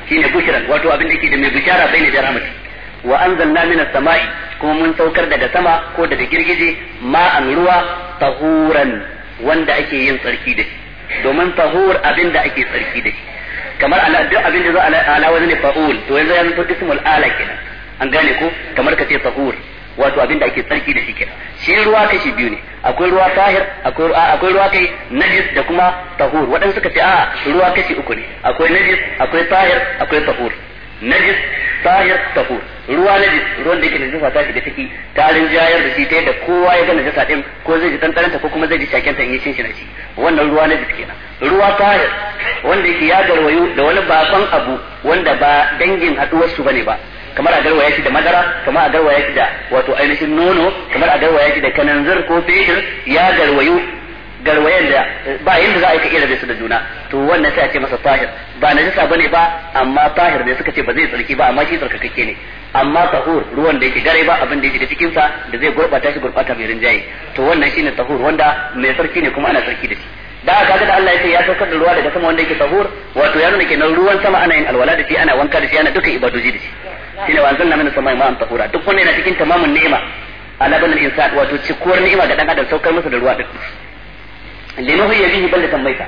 shine bushran wato abin yake da mai bishara bai da rahmati wa anzalna minas sama'i kuma mun saukar daga sama ko daga girgije ma'an ruwa tahuran wanda ake yin tsarki da shi domin tahur abin da ake tsarki da shi kamar ala duk abin da zo ala wani ne fa'ul to yanzu ya zanto ismul ala kenan an gane ko kamar ka ce tahur wato abin da ake tsarki da shi kenan shi ruwa kashi biyu ne akwai ruwa tahir akwai akwai ruwa kai najis da kuma tahur waɗansu suka ce a ruwa kashi uku ne akwai najis akwai tahir akwai tahur najis tahir tafu ruwa najis ruwan da yake da najasa ta da take tarin jayar da shi ta yadda kowa ya ga najasa din ko zai ji tantaranta ko kuma zai ji shaken ta in yi shin shi wannan ruwa najis kenan ruwa tahir wanda yake ya garwayo da wani bakon abu wanda ba dangin haduwar su bane ba kamar a garwaya shi da madara kamar a garwaya shi da wato ainihin nono kamar a garwaya shi da kananzir ko fetur ya garwayo garwayen da ba yanda za a yi ka iya rabe su da juna to wannan sai a ce masa tahir ba najasa bane ba amma tahir ne suka ce ba zai tsarki ba amma shi tsarkakakke ne amma tahur ruwan da yake gare ba abin da yake da cikin sa da zai gurbata shi gurbata mai rinjaye to wannan shine tahur wanda mai sarki ne kuma ana sarki da shi da aka ga da Allah ya ce ya saukar da ruwa daga sama wanda yake tahur wato ya nuna kenan ruwan sama ana yin alwala da shi ana wanka da shi ana dukkan ibadoji da shi shine wanzan na mana sama ma'an tahura duk wannan yana cikin tamamin ni'ima ala banan insan wato cikuwar ni'ima ga dan adam saukar masa da ruwa duk linuhu ya bihi balla tambaita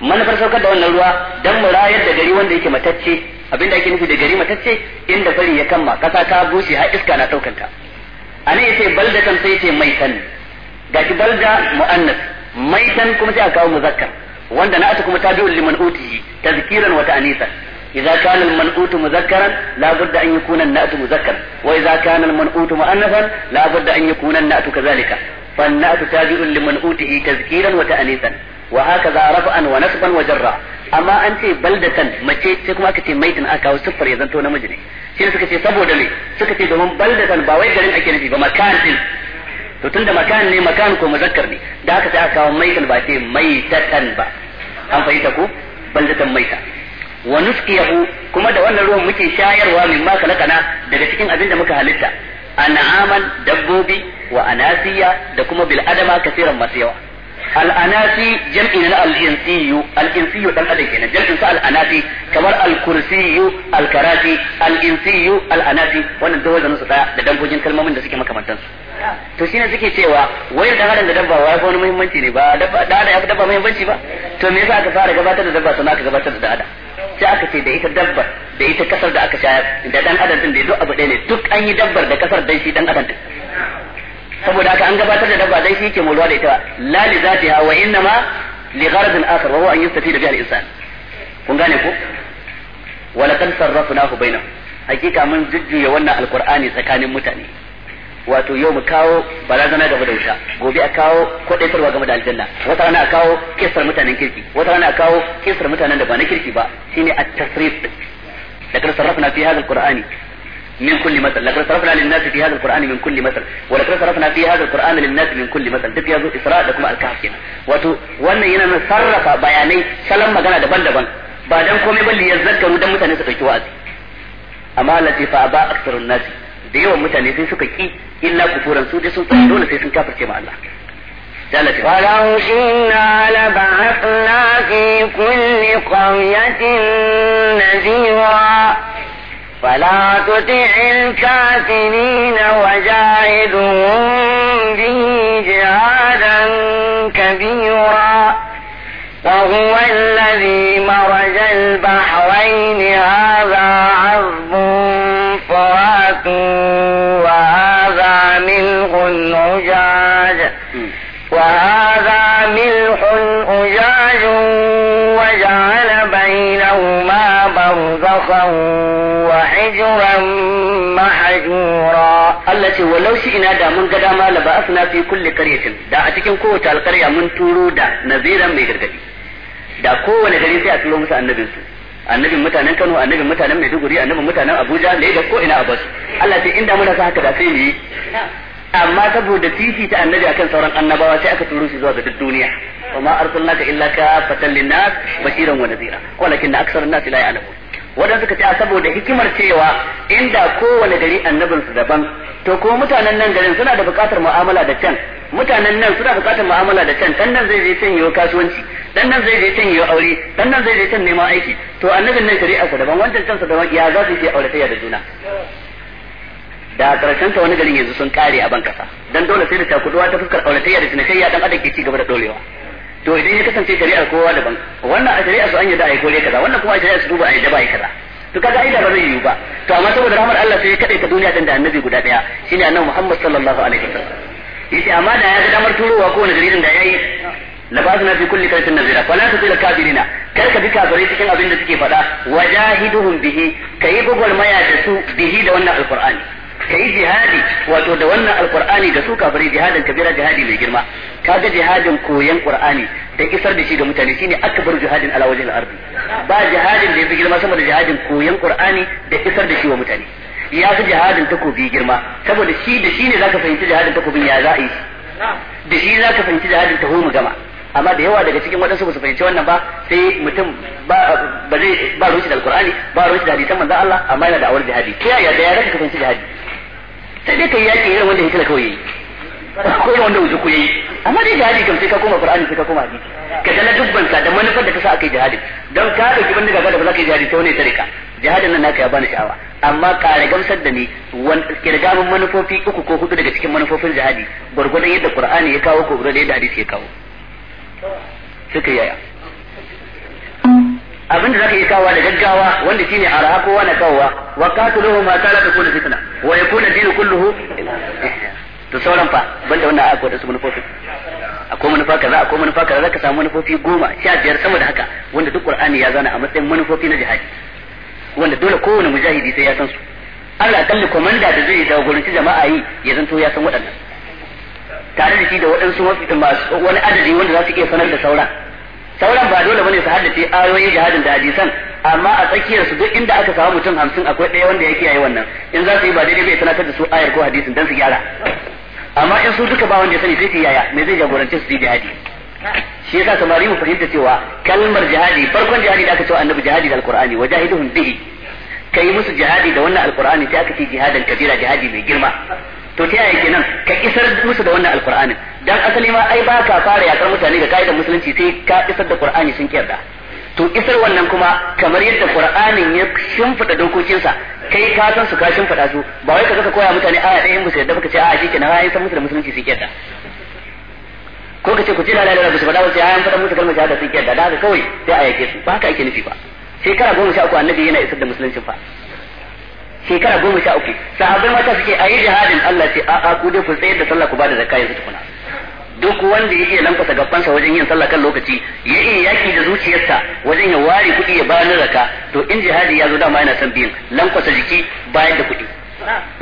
manufar saukar da wannan ruwa dan mu rayar da gari wanda yake matacce abinda ake nufi da gari matacce inda fari ya kamma kasa ta bushe har iska na saukanta ta anan yace baldatan sai yace maitan gashi balda muannas maitan kuma sai a kawo muzakkar wanda na ata kuma tabi'un liman utihi tazkiran wa ta'nisan إذا كان المنقوت مذكرا لا بد أن يكون النأت مذكرا وإذا كان المنقوت مؤنثا لا بد أن يكون النأت كذلك فالناس تاجر لمن أوته تذكيرا وتأنيثا وهكذا رفعا ونصبا وجرا أما أنت بلدة مكي تكما أكتي ميتا أكاو صفر يزنتو نمجني شين سكتي سبو دلي سكتي دومن بلدة باوي جرين أكي نفي بمكان تل to tun da makan ne makan ko muzakkar ne da haka sai aka kawo maitan ba sai maitatan ba an fahimta ko baldatan maita wa nusqiyahu kuma da wannan ruwan muke shayarwa min ma daga cikin abin da muka halitta an'aman dabbobi wa anasiya da kuma bil adama kasiran masu yawa al anasi jam'i na al insiyu al insiyu dan adam kenan jam'in sa al anasi kamar al kursiyu al karasi al insiyu al anasi wannan duk wajen su daya da dambojin kalmomin da suke makamantan su to shine suke cewa wayar da adam da dabba wai fa wani muhimmanci ne ba dabba da adam ya fi dabba muhimmanci ba to me yasa aka fara gabatar da dabba sannan aka gabatar da adam sai aka ce da ita dabbar da ita kasar da aka shayar da dan adam din da duk abu ɗaya ne duk an yi dabbar da kasar dan shi dan adam din saboda haka an gabatar da dabba dan shi ke mulwa da ita la li zatiha wa innama li gharadin akhar wa huwa an yustafida biha al-insan kun gane ko wa laqad sarrafnahu bainahum hakika mun jujjuya wannan alqur'ani tsakanin mutane wato yau mu kawo barazana ga da gobe a kawo kwadaitarwa game da aljanna wata rana a kawo kisar mutanen kirki wata rana a kawo kisar mutanen da ba na kirki ba shine at-tasrif لقد صرفنا في هذا القرآن من كل مثل لقد صرفنا للناس في هذا القرآن من كل مثل ولقد صرفنا في هذا القرآن للناس من كل مثل duk yazo Isra da kuma Al-Kahf kenan wato wannan yana nan sarrafa bayanai salon magana daban-daban ba dan komai ba li yazakkaru dan mutane su dauki wa'azi amma lati fa aba nasi da yawan mutane sai suka ki illa kufuran su dai sun tsaya dole sai sun kafirce ma Allah ولو شئنا لبعثنا في كل قرية نذيرا فلا تطع الكافرين وجاهدهم به جهادا كبيرا وهو الذي مرج البحرين هذا عرض صفوات وهذا ملح أجاج وهذا ملح أجاج وجعل بينهما برزخا وحجرا محجورا Allah ce walau shi ina da mun ga dama la ba'athna fi kulli qaryatin da a cikin kowace alƙarya mun turo da naziran mai gargadi da kowane gari sai a turo musu annabinsu annabin mutanen Kano annabin mutanen Maiduguri annabin mutanen Abuja Lagos ko ina a bas Allah ce inda muna sa haka da sai ne amma saboda titi ta annabi akan sauran annabawa sai aka turo shi zuwa ga duk duniya وما illa ka كافة للناس بشيرا ونذيرا ولكن أكثر الناس لا يعلمون wadan suka ce a saboda hikimar cewa inda kowane gari annabin su daban to ko mutanen nan garin suna da bukatar mu'amala da can mutanen nan suna bukatar mu'amala da can can nan zai je can kasuwanci dan nan zai je can yi aure dan nan zai je can neman aiki to annabin nan shari'a sa daban wancan kansa daban ya za su yi auratayya da juna da karshen ta wani garin yanzu sun kare a ban kasa dan dole sai da takuduwa ta fuskar aure auratayya da ya dan adam ke ci gaba da dorewa to idan ya kasance a kowa daban wannan a shari'a su an yadda a yi kore kaza wannan kuma a shari'a su duba a yadda ba a yi kaza to kaga aida ba zai yiwu ba to amma saboda rahmar Allah sai ya kade ta duniya dan da annabi guda daya shine annabi Muhammad sallallahu alaihi wasallam yace amma da ya ga damar turowa ko wani garin da yayi la ba'athna fi kulli qaryatin nazira fala tusil kafirina kar ka bi kafirai cikin abin da suke faɗa wajahiduhum bihi kayi bugul maya da su bihi da wannan alqur'ani kayi jihadi wato da wannan alqur'ani da su kafirai jihadin kabira jihadi mai girma kaga jihadin koyan qur'ani da isar da shi ga mutane shine akbar jihadin ala wajhil ardi ba jihadin da yafi girma sama da jihadin koyan qur'ani da isar da shi wa mutane ya fi jihadin takobi girma saboda shi da shi ne zaka fahimci jihadin takobin ya za'a da shi zaka fahimci jihadin taho mu gama amma da yawa daga cikin waɗansu ba su fahimci wannan ba sai mutum ba zai ba ruci da alkur'ani ba ruci da hadisan manzon Allah amma yana da awar jihadi Kiya ya da yaran ka fahimci jihadi sai dai kai yaki irin wanda hitler kawai yi ko yi wanda wuce ku yi amma dai jihadi kam sai ka koma qur'ani sai ka koma hadisi ka tana dubban sa da manufar da ka sa akai jihadi don ka dauki banda gaba da ba za ka yi jihadi ta wani tarika jihadin nan naka ya bani sha'awa amma kare gamsar da ni kirgamin manufofi uku ko hudu daga cikin manufofin jihadi gwargwadon yadda qur'ani ya kawo ko gwargwadon yadda hadisi ya kawo suka yaya abinda zaka yi kawa da gaggawa wanda shine araha kowa na kawowa wa qatiluhu ma kana takun fitna wa yakuna dinu kulluhu to sauran fa banda wannan aka da su manufofi akwai manufa kaza akwai manufa kaza zaka samu manufofi goma sha biyar sama da haka wanda duk qur'ani ya zana a matsayin manufofi na jihadi wanda dole kowane mujahidi sai ya san su Allah kalli komanda da zai jagoranci jama'a yi ya zanto ya san waɗannan tare da shi da waɗansu wani adadi wanda za su iya sanar da sauran sauran ba dole bane su haddace ayoyi jihadin da hadisan amma a tsakiyar su duk inda aka samu mutum hamsin akwai ɗaya wanda ya kiyaye wannan in za su yi ba daidai bai tunatar da su ayar ko hadisin dan su gyara amma in su duka ba wanda ya sani sai su yaya me zai jagorance su yi jihadi shi yasa samari mu fahimta cewa kalmar jihadi farkon jihadi da aka cewa annabi jihadi da alqur'ani wa bihi kai musu jihadi da wannan alqur'ani sai aka ce jihadan kabira jihadi mai girma to ta yaya kenan ka isar musu da wannan alqur'anin dan asali ma ai ba ka fara yakar mutane ga kaidar musulunci sai ka isar da qur'ani sun kiyarda to isar wannan kuma kamar yadda qur'anin ya shimfida dokokinsa kai ka san su ka shimfida su ba wai ka ga koya mutane aya ɗaya in musu yadda baka ce a kenan ai san musu da musulunci sun kiyarda ko ka ce ku ce la ilaha su ba da wace ayan fada musu kalmar shahada sun kiyarda da haka kawai sai a yake su ba ka ake nufi ba shekara goma sha uku annabi yana isar da musulunci fa shekara goma sha uku sahabbai mata suke a yi jihadin Allah ce a a ku dai ku tsayar da sallah ku bada zakka yanzu tukuna duk wanda ya iya lankwasa gabansa wajen yin sallah kan lokaci ya iya yaki da zuciyarsa wajen ya ware kuɗi ya bayar zakka to in jihadi ya zo dama yana son biyan lankwasa jiki bayar da kuɗi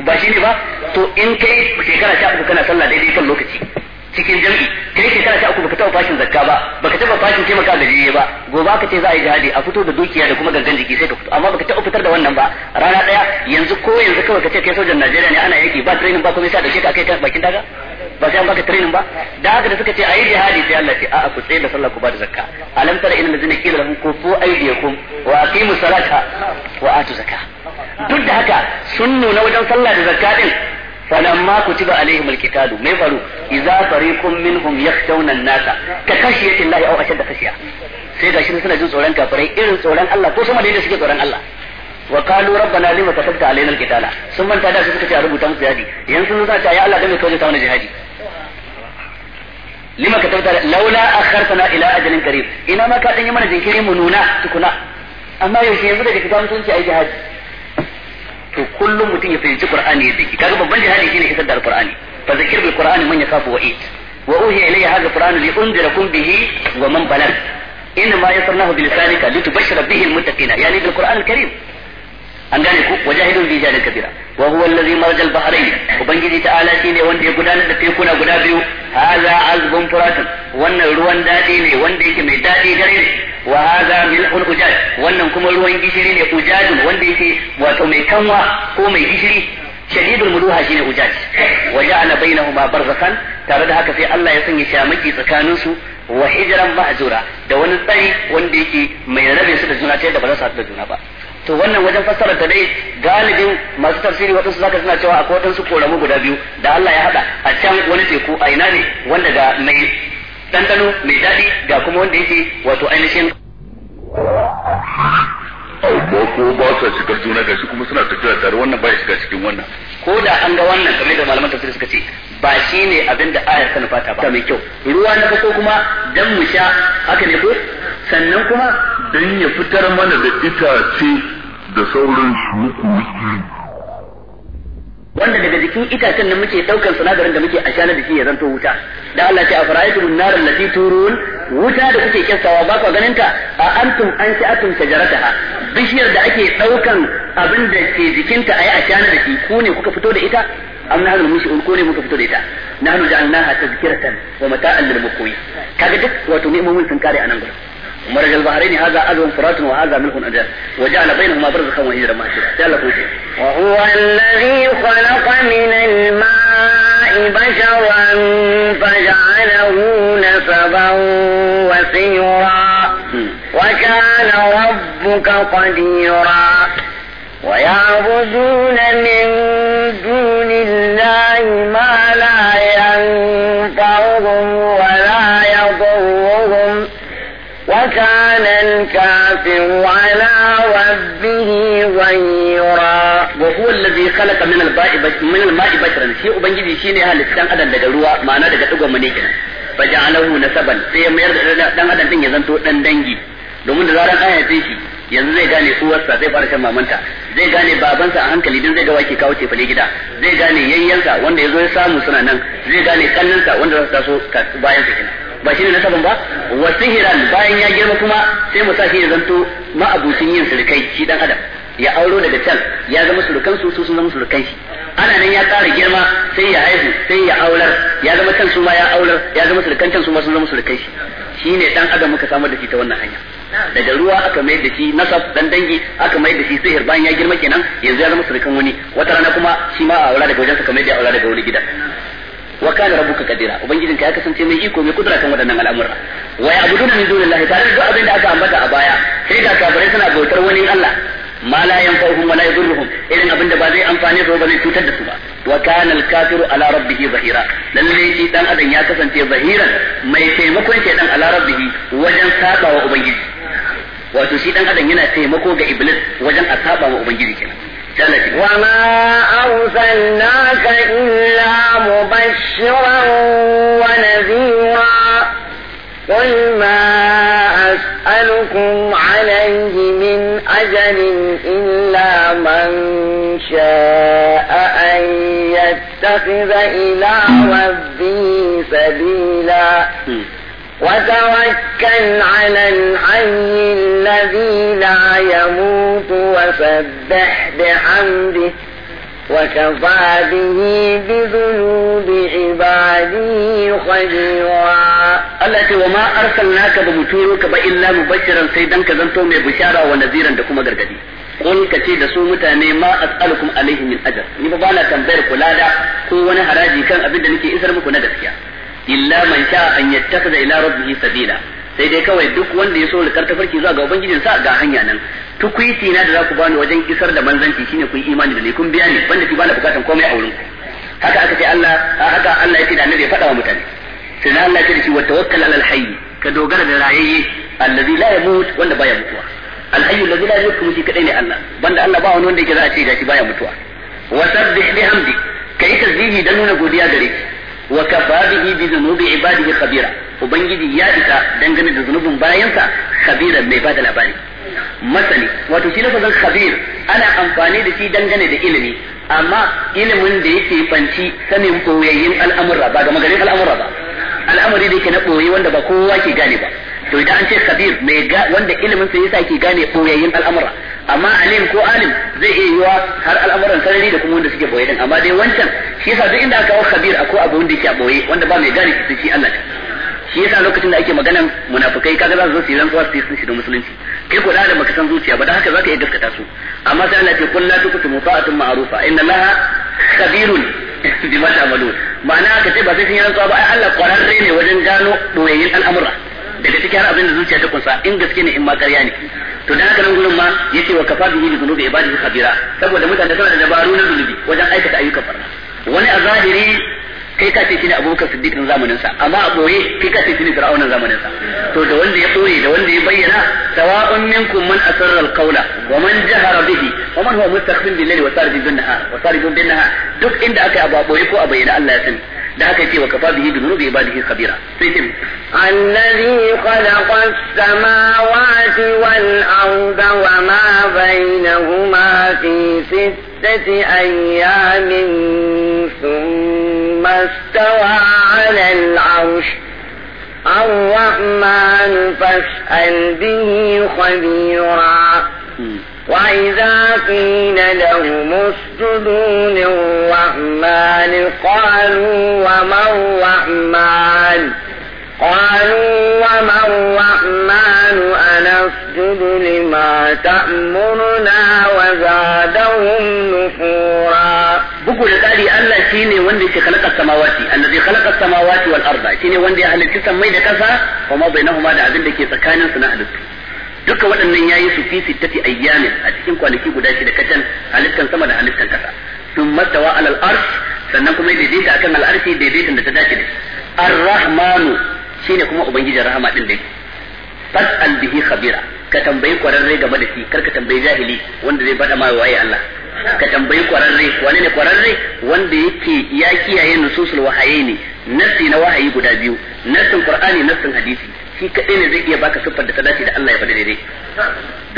ba shi ne ba to in kai shekara sha uku kana sallah daidai kan lokaci cikin jami'i kai shekara sha uku baka taɓa fashin zakka ba baka taɓa fashin taimaka da jiye ba gobe ka ce za a yi jihadi a fito da dukiya da kuma gangan jiki sai ka fito amma baka taɓa fitar da wannan ba rana ɗaya yanzu ko yanzu kawai ka ce kai sojan Najeriya ne ana yaki ba training ba kuma sai da shi ka kai bakin daga ba sai an baka training ba da haka da suka ce ayi jihadi sai Allah ce a'a ku tsaye da sallah ku ba da zakka alam tara innal ladzina qila lahum kufu aydiyakum wa aqimu salata wa atu zakka duk da haka sun nuna wajen sallah da zakka din falamma kutiba alaihim alqitalu me faru idza fariqun minhum yakhshawna an-nasa ka khashiyati llahi jin tsoron kafirai irin tsoron Allah ko sama da yadda suke tsoron Allah wa qalu rabbana lima katabta alaina alqitala sun manta da su a rubuta musu jihadi yanzu sun zata ya Allah da mai ta wani jihadi lima katabta laula akhartana ila ajalin qarib ina ma ka yi mana jinkiri mu nuna tukuna amma yanzu daga to kullum mutum ya fahimci qur'ani yadda ke kaga babban jihadi shine isar da alqur'ani fa zakir bil qur'ani man yakafu wa it wa uhiya ilayya hadha alqur'anu li unzirakum bihi wa man balag inna ma yasarnahu bi lisanika litubashshira bihi al muttaqina yani bil qur'an al karim an gane ku wajahidun bi jihadin kabira wa huwa alladhi marja al bahrayn ubangiji ta'ala shine wanda ya gudanar biyu haza azbun furatun wannan ruwan daɗi ne wanda yake mai daɗi gare ne wa haza milhun ujaj wannan kuma ruwan gishiri ne ujajun wanda yake wato mai kanwa ko mai gishiri shadidul muluha shine ujaj wa ja'ala bainahuma barzakan tare da haka sai Allah ya sanya shamaki tsakanin su wa hijran mahjura da wani tsari wanda yake mai rabe su da juna ta yadda ba za su haɗu da juna ba to wannan wajen fassara ta dai galibin masu tafsiri waɗansu zaka suna cewa akwai waɗansu koramu guda biyu da Allah ya haɗa a can wani teku a ina ne wanda ga mai ɗanɗano mai daɗi ga kuma wanda yake wato ainihin amma ko ba sa shigar juna shi kuma suna tafiya tare wannan ba ya shiga cikin wannan ko da an ga wannan kamar da malaman tafsiri suka ce ba shi ne abin da ayar ta nufata ba mai kyau ruwa na ko kuma dan mu sha haka ne ko sannan kuma dan ya fitar mana da itace da sauran shuku-shuki wanda daga jikin itacen nan muke daukan sinadarin da muke ashana da shi ya zanto wuta da Allah ce a fara'aytum nar allati turun wuta da kuke kissawa ba ka ganin ta a antum an sha'atum shajarataha bishiyar da ake daukan abin da ke jikinta ayi ashana da shi ku ne kuka fito da ita am nahnu al-mushrikun ne muka fito da ita nahnu ja'alnaha tazkiratan wa mata'an lil muqwi kaga duk wato ni'imomin sun kare anan gurin مرج البحرين هذا أذو فرات وهذا ملك أجاز وجعل بينهما برزخا وهجرا ماسرا وهو الذي خلق من الماء بشرا فجعله نسبا وسيرا وكان ربك قديرا ويعبدون من دون الله ما لا ينفعهم ولا يضرهم وكان الكافر على ربه غيرا وهو الذي خلق من الماء من الماء بشرا شيء ubangiji شيء halittan adam daga ruwa ma'ana daga dugon mu ne kenan faja'alahu nasaban sai ya mayar da dan adam din ya zanto dan dangi domin da zaran an yanzu zai gane uwarsa zai fara shan mamanta zai gane babansa a hankali din zai ga wake kawo tefali gida zai gane yayyansa wanda ya zo ya samu suna nan zai gane kannansa wanda zai taso bayan su kenan ba na sabon ba wa sihiran bayan ya girma kuma sai mu sa shi ya zanto ma'abucin yin surukai shi dan adam ya auro daga can ya zama surukan su su zama surukan shi ana nan ya ƙara girma sai ya haihu sai ya aular ya zama can su ma ya aular ya zama surukan can su ma sun zama surukan shi Shi ne dan adam muka samar da shi ta wannan hanya daga ruwa aka mai da shi nasab dan dangi aka mai da shi sihir bayan ya girma kenan yanzu ya zama surukan wani wata rana kuma shi ma a aura daga wajen sa kamar da ya aura daga wani gida wa kana rabbuka qadira ubangijinka ya kasance mai iko mai kudura kan waɗannan al'amura wa ya'buduna min dunillahi tare da abin da aka ambata a baya sai da kafirai suna bautar wani Allah ma la yanfa'uhum wa la yadurruhum irin abin da ba zai amfane su ba zai cutar da su ba wa kana al-kafiru ala rabbihi zahira lalle shi dan adam ya kasance zahiran mai taimakon shi dan ala rabbihi wajen saba wa ubangiji wato shi dan adam yana taimako ga iblis wajen a saba wa ubangiji kenan وما أرسلناك إلا مبشرا ونذيرا قل ما أسألكم عليه من أجل إلا من شاء أن يتخذ إلى ربه سبيلا وتوكل على الحي الذي لا يموت وسبح بحمده وكفى به بذنوب عباده خبيرا التي وما أرسلناك بمتورك إلا مبشرا سيدا كذنتو من بشارة ونذيرا لكم أدركتي قل ka سومتا ما أسألكم عليه من أجر alaihi min ajr ni ba na tambayar ku lada ko illa man sha an yattakhadha ila rabbihi sabila sai dai kawai duk wanda ya so karta tafarki zuwa ga ubangijin sa ga hanya nan tukuiti na da za ku bani wajen isar da manzanci shine ku yi imani da ni kun biya ni banda ki bana bukatan komai a wurin haka aka ce Allah haka Allah yake da annabi ya faɗa wa mutane sai na Allah yake da shi wa tawakkal alal hayy ka dogara da rayayye allazi la yamut wanda baya mutuwa al hayy allazi la yamut kuma shi kadai ne Allah banda Allah ba wani wanda yake za a ce gashi baya mutuwa wa sabbih bihamdi kai tasbihi dan nuna godiya gare shi wa kafa bihi bi dhunubi ibadihi khabira ubangiji ya isa dangane da zunubin bayansa Khabira mai bada labari masani wato shi lafazin khabir ana amfani da shi dangane da ilimi amma ilimin da yake fanci sanin boyayyin al'amura ba ga maganin al'amura ba al'amari da yake na boye wanda ba kowa ke gane ba to idan an ce khabir mai wanda ilimin sa yasa ke gane boyayyin al'amura amma alim ko alim zai iya yiwa har al'amuran sarari da kuma wanda suke boye din amma dai wancan shi yasa duk inda aka kawo khabir akwai abu wanda yake a boye wanda ba mai gane shi shi Allah shi yasa lokacin da ake maganan munafikai kaga za su zo su yi rantsuwa su yi sun shiga musulunci kai ko da da baka san zuciya ba da haka zaka iya gaskata su amma sai Allah ya ce kullu la tukutu ta'atun ma'rufa inna laha khabirun bima ta'malun ma'ana ka ce ba sai sun yi rantsuwa ba ai Allah kwararre ne wajen gano boyayyin al'amura daga cikin har abin da zuciya ta kunsa in gaske ne in ma ƙarya ne to da aka nan gurin ma yace wa kafa bihi dhunubi ibadihi khabira saboda mutane suna da dabaru na zunubi wajen aikata ayyukan barna wani a zahiri kai ka ce shine abubakar siddiq na zamanin sa amma a boye kai ka ce shine fir'auna zamanin sa to da wanda ya tsore da wanda ya bayyana sawa'un minkum man asarra al-qawla wa man jahara bihi wa man huwa mustakhfin bil-layli wa saribun nahar wa saribun bin nahar duk inda aka yi abu a boye ko a bayyana Allah ya sani دهك يتي وكفى به بذنوب عباده خبيرا الذي خلق السماوات والأرض وما بينهما في ستة أيام ثم استوى على العرش الرحمن فاسأل به خبيرا وإذا قيل لهم اسجدوا للرحمن قالوا وما الرحمن قالوا وما الرحمن أنسجد لما تأمرنا وزادهم نفورا بقول تالي ألا شيني وندي في خلق السماوات الذي خلق السماوات والأرض شيني وندي أهل الكسم ميد كذا وما بينهما لعدل لكي سكان سنة duka waɗannan ya yi su fi sittati ayyamin a cikin kwanaki guda shida kacan halittan sama da halittan kasa sun matawa alal arsh sannan kuma ya daidaita akan al'arshi daidaitan da ta dace da ar-rahmanu shine kuma ubangijin rahama din dai fas'al bihi khabira ka tambayi kwararre game da shi kar tambayi jahili wanda zai bada mai waye Allah ka tambayi kwararre wani ne kwararre wanda yake ya kiyaye nususul wahayini nassi na wahayi guda biyu nassin qur'ani nassin hadisi shi kadai ne zai iya baka siffar da ta dace da Allah ya faɗi daidai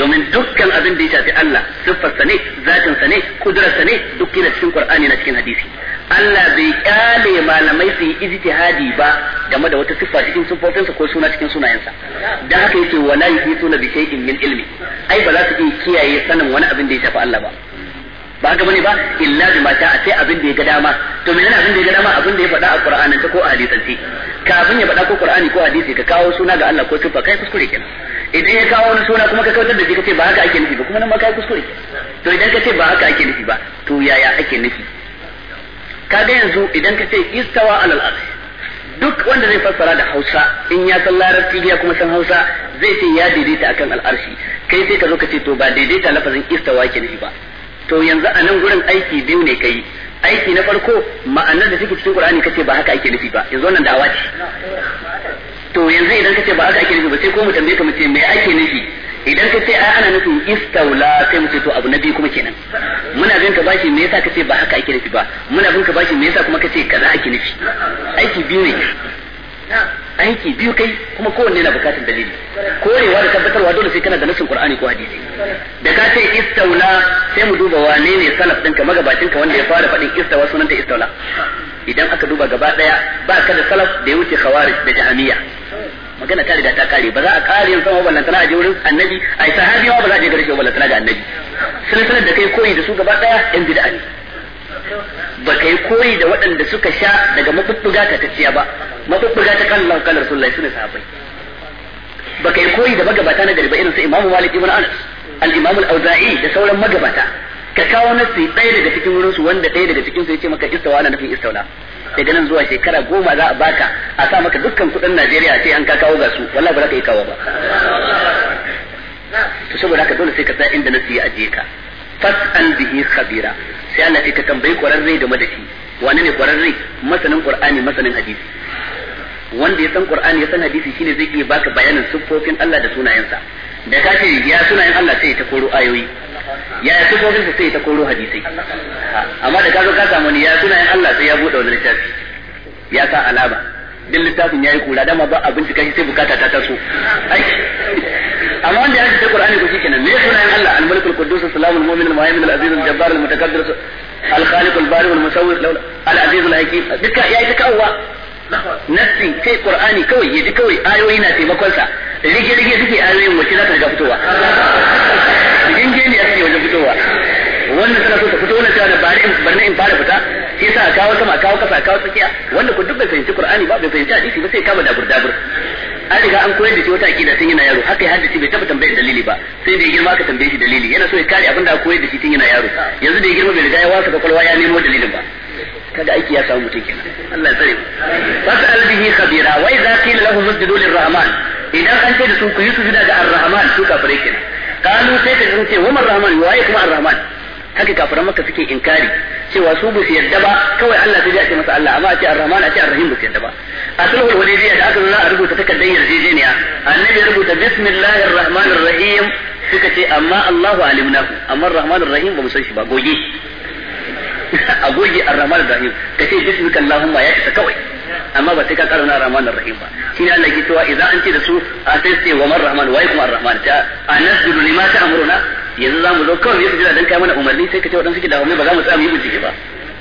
domin dukkan abin da ya shafi Allah siffar sa ne zatin sa ne kudurar sa ne duk yana cikin qur'ani na cikin hadisi Allah bai kyale malamai su yi ijtihadi ba game da wata siffa cikin sufofinsa ko suna cikin sunayensa da haka yake wala yuhituna bi shay'in min ilmi ai ba za su iya kiyaye sanin wani abin da ya shafi Allah ba ba ga bane ba illa bi mata a sai abin da ya ga dama to menene abin da ya ga dama abin da ya faɗa a Qur'anin ko a ta kafin ya faɗa ko Qur'ani ko hadisi ka kawo suna ga Allah ko siffa kai kuskure kenan idan ya kawo wani suna kuma ka kautar da shi ka ce ba haka ake nufi ba kuma nan ma kai kuskure to idan ka ce ba haka ake nufi ba to yaya ake nufi kaga yanzu idan ka ce istawa alal arsh duk wanda zai fassara da Hausa in ya san larabci ya kuma san Hausa zai ce ya daidaita akan al'arshi kai sai ka zo ka ce to ba daidaita lafazin istawa ke nufi ba to yanzu a nan gurin aiki biyu ne kai aiki na farko ma'anar da take cikin Qur'ani kace ba haka ake nufi ba yanzu wannan da'awa ce to yanzu idan kace ba haka ake nufi ba sai ko mu tambaye ka mu ce me ake nufi idan ka ce ana nufin istaula sai mu ce to abu na biyu kuma kenan muna bin ka bashi me yasa ka ce ba haka ake nufi ba muna bin ka bashi me yasa kuma ka ce kaza ake nufi aiki biyu ne aiki biyu kai kuma kowanne na bukatar dalili korewa da tabbatarwa dole sai kana da nasin qur'ani ko hadisi da ka ce istaula sai mu duba wane ne salaf din ka magabacin ka wanda ya fara faɗin istawa sunanta istaula idan aka duba gaba daya ba ka da salaf da ya wuce khawarij da jahmiya magana ta riga ta kare ba za a kare yin sama ballantana a je wurin annabi a yi sahabi ba za a je gare shi ballantana ga annabi silsilar da kai koyi da su gaba daya yan bid'a ne ba kai koyi da waɗanda suka sha daga mabubbuga ta tafiya ba mabubbuga ta kan lawan kalar sunnah sune sahabbai ba kai koyi da magabata na gari ba irin su imamu malik ibn anas al-imam al-auza'i da sauran magabata ka kawo nasi ɗaya daga cikin wurin su wanda ɗaya daga cikin su yace maka istawa na nufin istawla daga nan zuwa shekara goma za a baka a sa maka dukkan kudin Najeriya sai an ka kawo ga su wallahi ba za ka yi kawo ba to saboda haka dole sai ka sa inda nasi ya ajiye ka an bihi khabira sai Allah ka tambayi kwararre game da shi wani ne kwararre masanin qur'ani masanin hadisi wanda ya san qur'ani ya san hadisi shine zai iya baka bayanin siffofin Allah da sunayensa da ka ce ya yin Allah sai ta koro ayoyi ya ya sufofin sai ta koro hadisai amma da ka zo ka samu ni ya Allah sai ya buɗe wani littafi ya sa alama din littafin yayi kura dama ba abin cika shi sai bukata ta taso amma wanda ya ce Qur'ani ko shikenan me sunayen Allah al-Malik al-Quddus as-Salam al-Mu'min al al-Aziz al-Jabbar al-Mutakabbir al-Khaliq al-Bari al-Musawwir al-Aziz al-Hakim duka yayi duka uwa nafsi sai Qur'ani kawai ya ji kawai ayoyi na taimakon sa rike rike suke ayoyin wace za ta riga fitowa gingeni ya suke wajen fitowa wannan suna so ta fito suna tana bari barna in fara fita shi yasa a kawo sama a kawo kasa a kawo tsakiya wanda ku duk bai fahimci qur'ani ba bai fahimci hadisi ba sai kama dabur dabur an riga an koyar da shi wata akida tun yana yaro haka ya haddace bai taba tambayar dalili ba sai da ya girma aka tambaye shi dalili yana so ya kare abin da aka koyar da shi tun yana yaro yanzu da ya girma bai riga ya wasa kwakwalwa ya nemo dalilin ba kaga aiki ya samu mutum kenan Allah ya tsare fasal bihi khabira wa idza qila lahum usjudu lirrahman idan an ce da su ku yi sujuda ga arrahman su kafirai kenan kalu sai ka ce wa man rahman waye kuma arrahman haka kafiran maka suke inkari cewa su ba su yarda ba kawai Allah sai ya ce masa Allah amma a ce arrahman a ce arrahim ba su yarda ba a sulhul da aka zo a rubuta takardar yarjejeniya annabi ya rubuta bismillahir rahmanir rahim suka ce amma Allahu alimnahu amma arrahmanir rahim ba mu san shi ba goge a goge ar-rahman rahim ka ce bismika allahumma ya ta kawai amma ba sai ka karanta ar-rahman ar-rahim ba shi ne Allah ke cewa idan an ce da su a sai sai wa mar-rahman wa kuma ar-rahman ta anasjudu lima ta'muruna yanzu za mu zo kawai mu da dan kai mana umarni sai ka ce wadansu suke da ba za mu tsaya mu yi bincike ba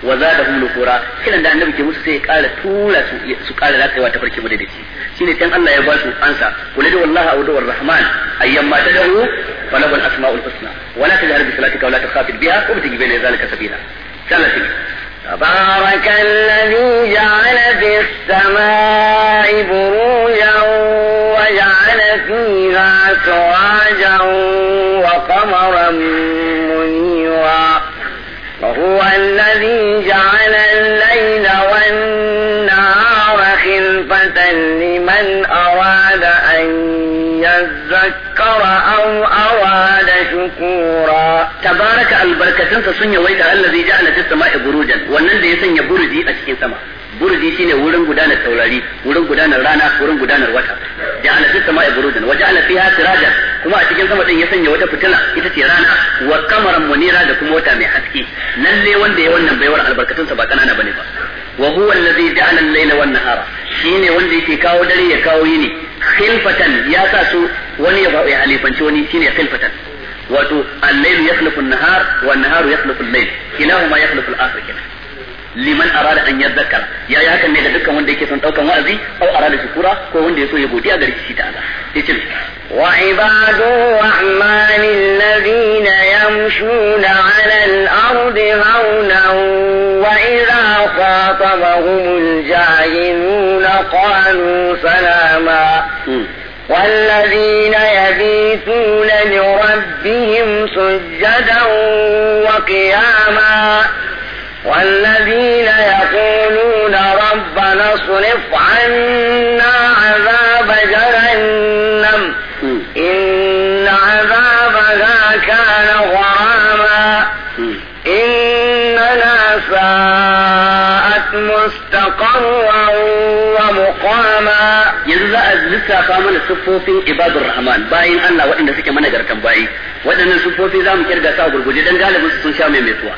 wa zadahum nufura kiran da annabi ke musu sai ya kara tura su su kara ratsayawa ta farke madadaci shine dan Allah ya ba su ansa qul da wallahi a'udhu rahman ayyam ma tad'u wa lahu al-asma'ul husna wa la tajhar bi salatika wa la takhafit biha wa bi baina sabila سلفي تبارك الذي جعل في السماء بروجا وجعل فيها سراجا وقمرا منيرا وهو الذي جعل شكورا تبارك البركتين سن يويتا الذي ja'ala في السماء burujan wannan da ya sanya burji a cikin sama burji shine wurin gudanar taurari wurin gudanar rana wurin gudanar wata ja'ala fi sama'i burujan wa ja'ala fiha siraja kuma a cikin sama din ya sanya wata fitila ita ce rana wa kamaran munira da kuma wata mai haske lalle wanda ya wannan baiwar albarkatun sa ba kanana bane ba wa huwa allazi ja'ala al-layla wan nahara shine wanda yake kawo dare ya kawo yini khilfatan ya sa su wani ya halifanci wani shine khilfatan wato al-layl yakhluqu an-nahar wa an-naharu yakhluqu al-layl kilahuma yakhluqu al-akhar kenan liman arada an yadhakkar ya ya hakan ne ga dukkan wanda yake son daukan wa'azi ko arada shukura ko wanda yaso ya godiya ga shi ta Allah yace wa ibadu rahman alladhina yamshuna 'ala al-ardi hawna wa idha khatabahum al-jahiluna qalu salama والذين يبيتون لربهم سجدا وقياما والذين lissafa mana siffofin ibadur rahman bayin Allah waɗanda suke managartan bayi waɗannan siffofi za mu kirga sa gurguje dan galibin sun sha mai metuwa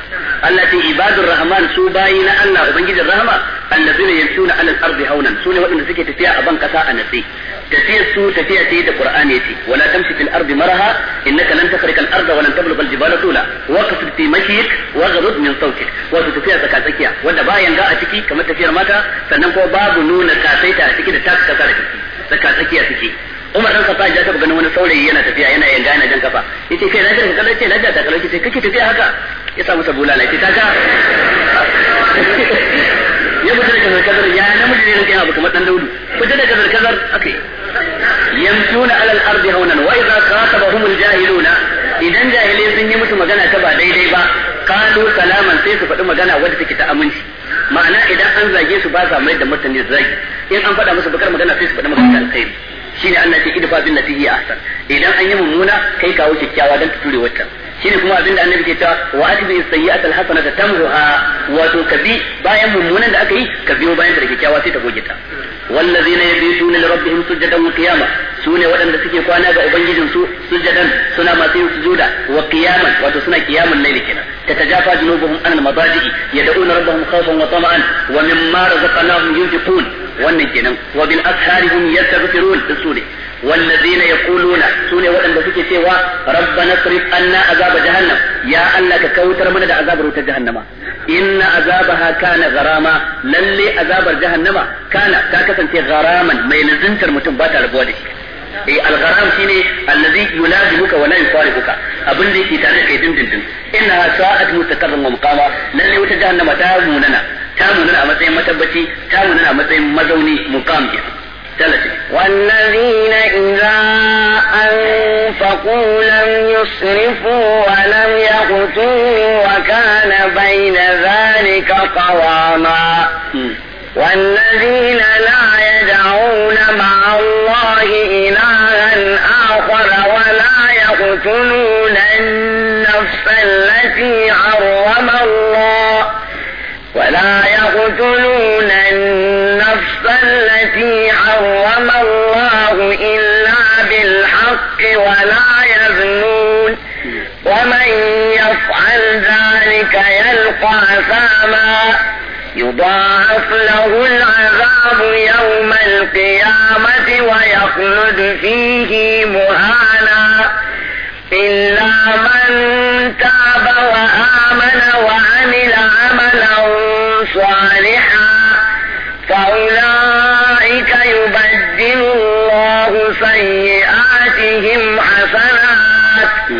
Allah ce ibadur rahman su bayi na Allah ubangijin rahama allazina yamshuna alal ardi haunan sune waɗanda suke tafiya a ban kasa a natsi tafiyar su tafiya ce da qur'ani ce wala tamshi fil ardi maraha innaka lan tafrika al arda wa lan tablugha al jibala tula waqsid fi wa ghadud min sawtik wato tafiya tsaka tsakiya wanda ba ga a ciki kamar tafiyar mata sannan ko babu nuna kasaita a ciki da taka kasa da ciki tsaka tsakiya suke Umar dan Khattab ya taba ganin wani saurayi yana tafiya yana yanga yana jan kafa yace kai lafiya ka kallace lafiya ta kallace sai kake tafiya haka ya samu sabula lafiya ta ga ya mutu daga kazar ya namiji ne rinka yana abu kamar dan daudu da kazar kazar akai yamshuna alal ardi haunan wa idha khatabahum aljahiluna idan jahilai sun yi musu magana ta ba daidai ba kalu salaman sai su faɗi magana wadda take ta aminci ma'ana idan an zage su ba sa mai da mutane zagi in an faɗa musu bakar magana sai su faɗi magana ta alkhairi shine Allah ke idfa bin lati ahsan idan an yi mummuna kai kawo kyakkyawa dan ture wata shine kuma abinda annabi ke cewa wa atbi sayyi'ata alhasanata tamruha wato kabi bayan mummunan da aka yi ka biyo bayan da kyakkyawa sai ta goge ta wallazina yabituna li rabbihim sujadan wa qiyama sune waɗanda suke kwana ga ubangijin su sujadan suna masu yin sujuda wa qiyaman wato suna qiyamul layli kenan tatajafa junubuhum an al-madaji yad'una rabbahum khawfan wa tama'an wa mimma razaqnahum yunfiqun wannan kenan wa bil asharihum yastaghfirun sune wallazina yaquluna sune wadanda suke cewa rabbana sarif anna azaba jahannam ya Allah ka kautar mana da azabar wutar jahannama inna azabaha kana gharama lalle azabar jahannama kana ta kasance gharaman mai lazantar mutum ba ta rabuwa da shi eh al-gharam shine allazi yulazimuka wa la yufariquka abin da yake tare da kai dindindin inna sa'at mutakarrama wa muqama lalle wutar jahannama ta munana ta nuna a matsayin matabbaci ta nuna a matsayin mazauni mukam ke talace wallazina idza anfaqu lam yusrifu wa lam yaqtu wa kana baina zalika qawama والذين لا يدعون مع الله إلها آخر ولا يقتلون النفس التي حرم الله ولا يقتلون النفس التي حرم الله إلا بالحق ولا يزنون ومن يفعل ذلك يلقى أثاما يضاعف له العذاب يوم القيامة ويخلد فيه مهانا إلا من تاب وآمن وآمن أولئك يبدل الله سيئاتهم حسنات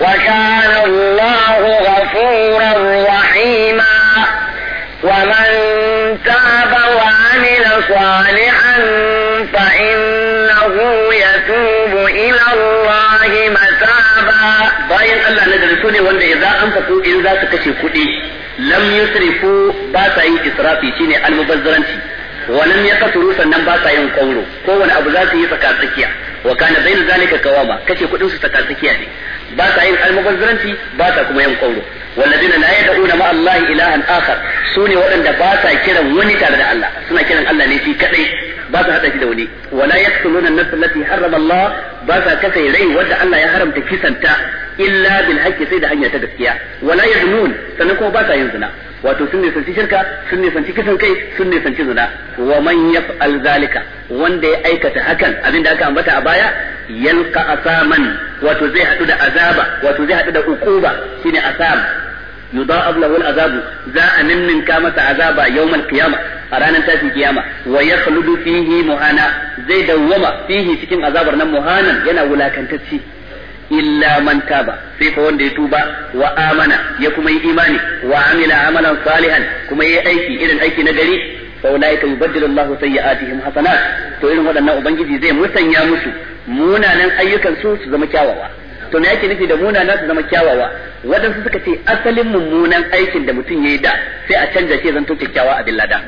وكان الله غفورا رحيما ومن تاب وعمل صالحا فإنه يتوب إلى الله متابا باين الله لدرسوني وانا إذا أنفقوا إذا تكشي كدي لم يسرفوا باتا إسرافي شيني المبذرانشي walam ya kasuru sannan ba sa yin kauro kowane abu za su yi tsakatsakiya wa kana da zalika kawama kake kudin su tsakatsakiya ne ba sa yin almubazzaranci ba sa kuma yin kauro na la yad'una ma Allah ilahan akhar ne waɗanda ba sa kiran wani tare da Allah suna kiran Allah ne shi kadai ba sa hada shi da wani wala yaqtuluna an-nafs allati harrama Allah ba sa kasai rai wanda Allah ya haramta kisanta illa bil haqqi sai da hanya ta gaskiya wala yaznun sannan kuma ba sa yin zina wato sun ne shirka sun ne kisan kai sun nisanci zina wa man yaf'al zalika wanda ya aikata hakan abinda aka ambata a baya yalqa asaman wato zai hadu da azaba wato zai hadu da ukuba shine asam yudha'ab lahu al'azabu za a ninninka masa azaba yawmal qiyama a ranar tashin kiyama wa yakhludu fihi muhana zai dawwama fihi cikin azabar nan muhanan yana wulakantacci illa manta ba sai fa wanda ya tuba wa amana ya kuma yi imani wa amila amalan salihan kuma yayi aiki irin aiki na gari fa ulaika yubaddilu Allahu sayyi'atihim hasanat to irin waɗannan ubangiji zai musanya musu munanan ayyukan su su zama kyawawa to me yake nufi da munana su zama kyawawa waɗansu suka ce asalin mummunan aikin da mutum ya yi da sai a canja shi zanto kyakkyawa a billada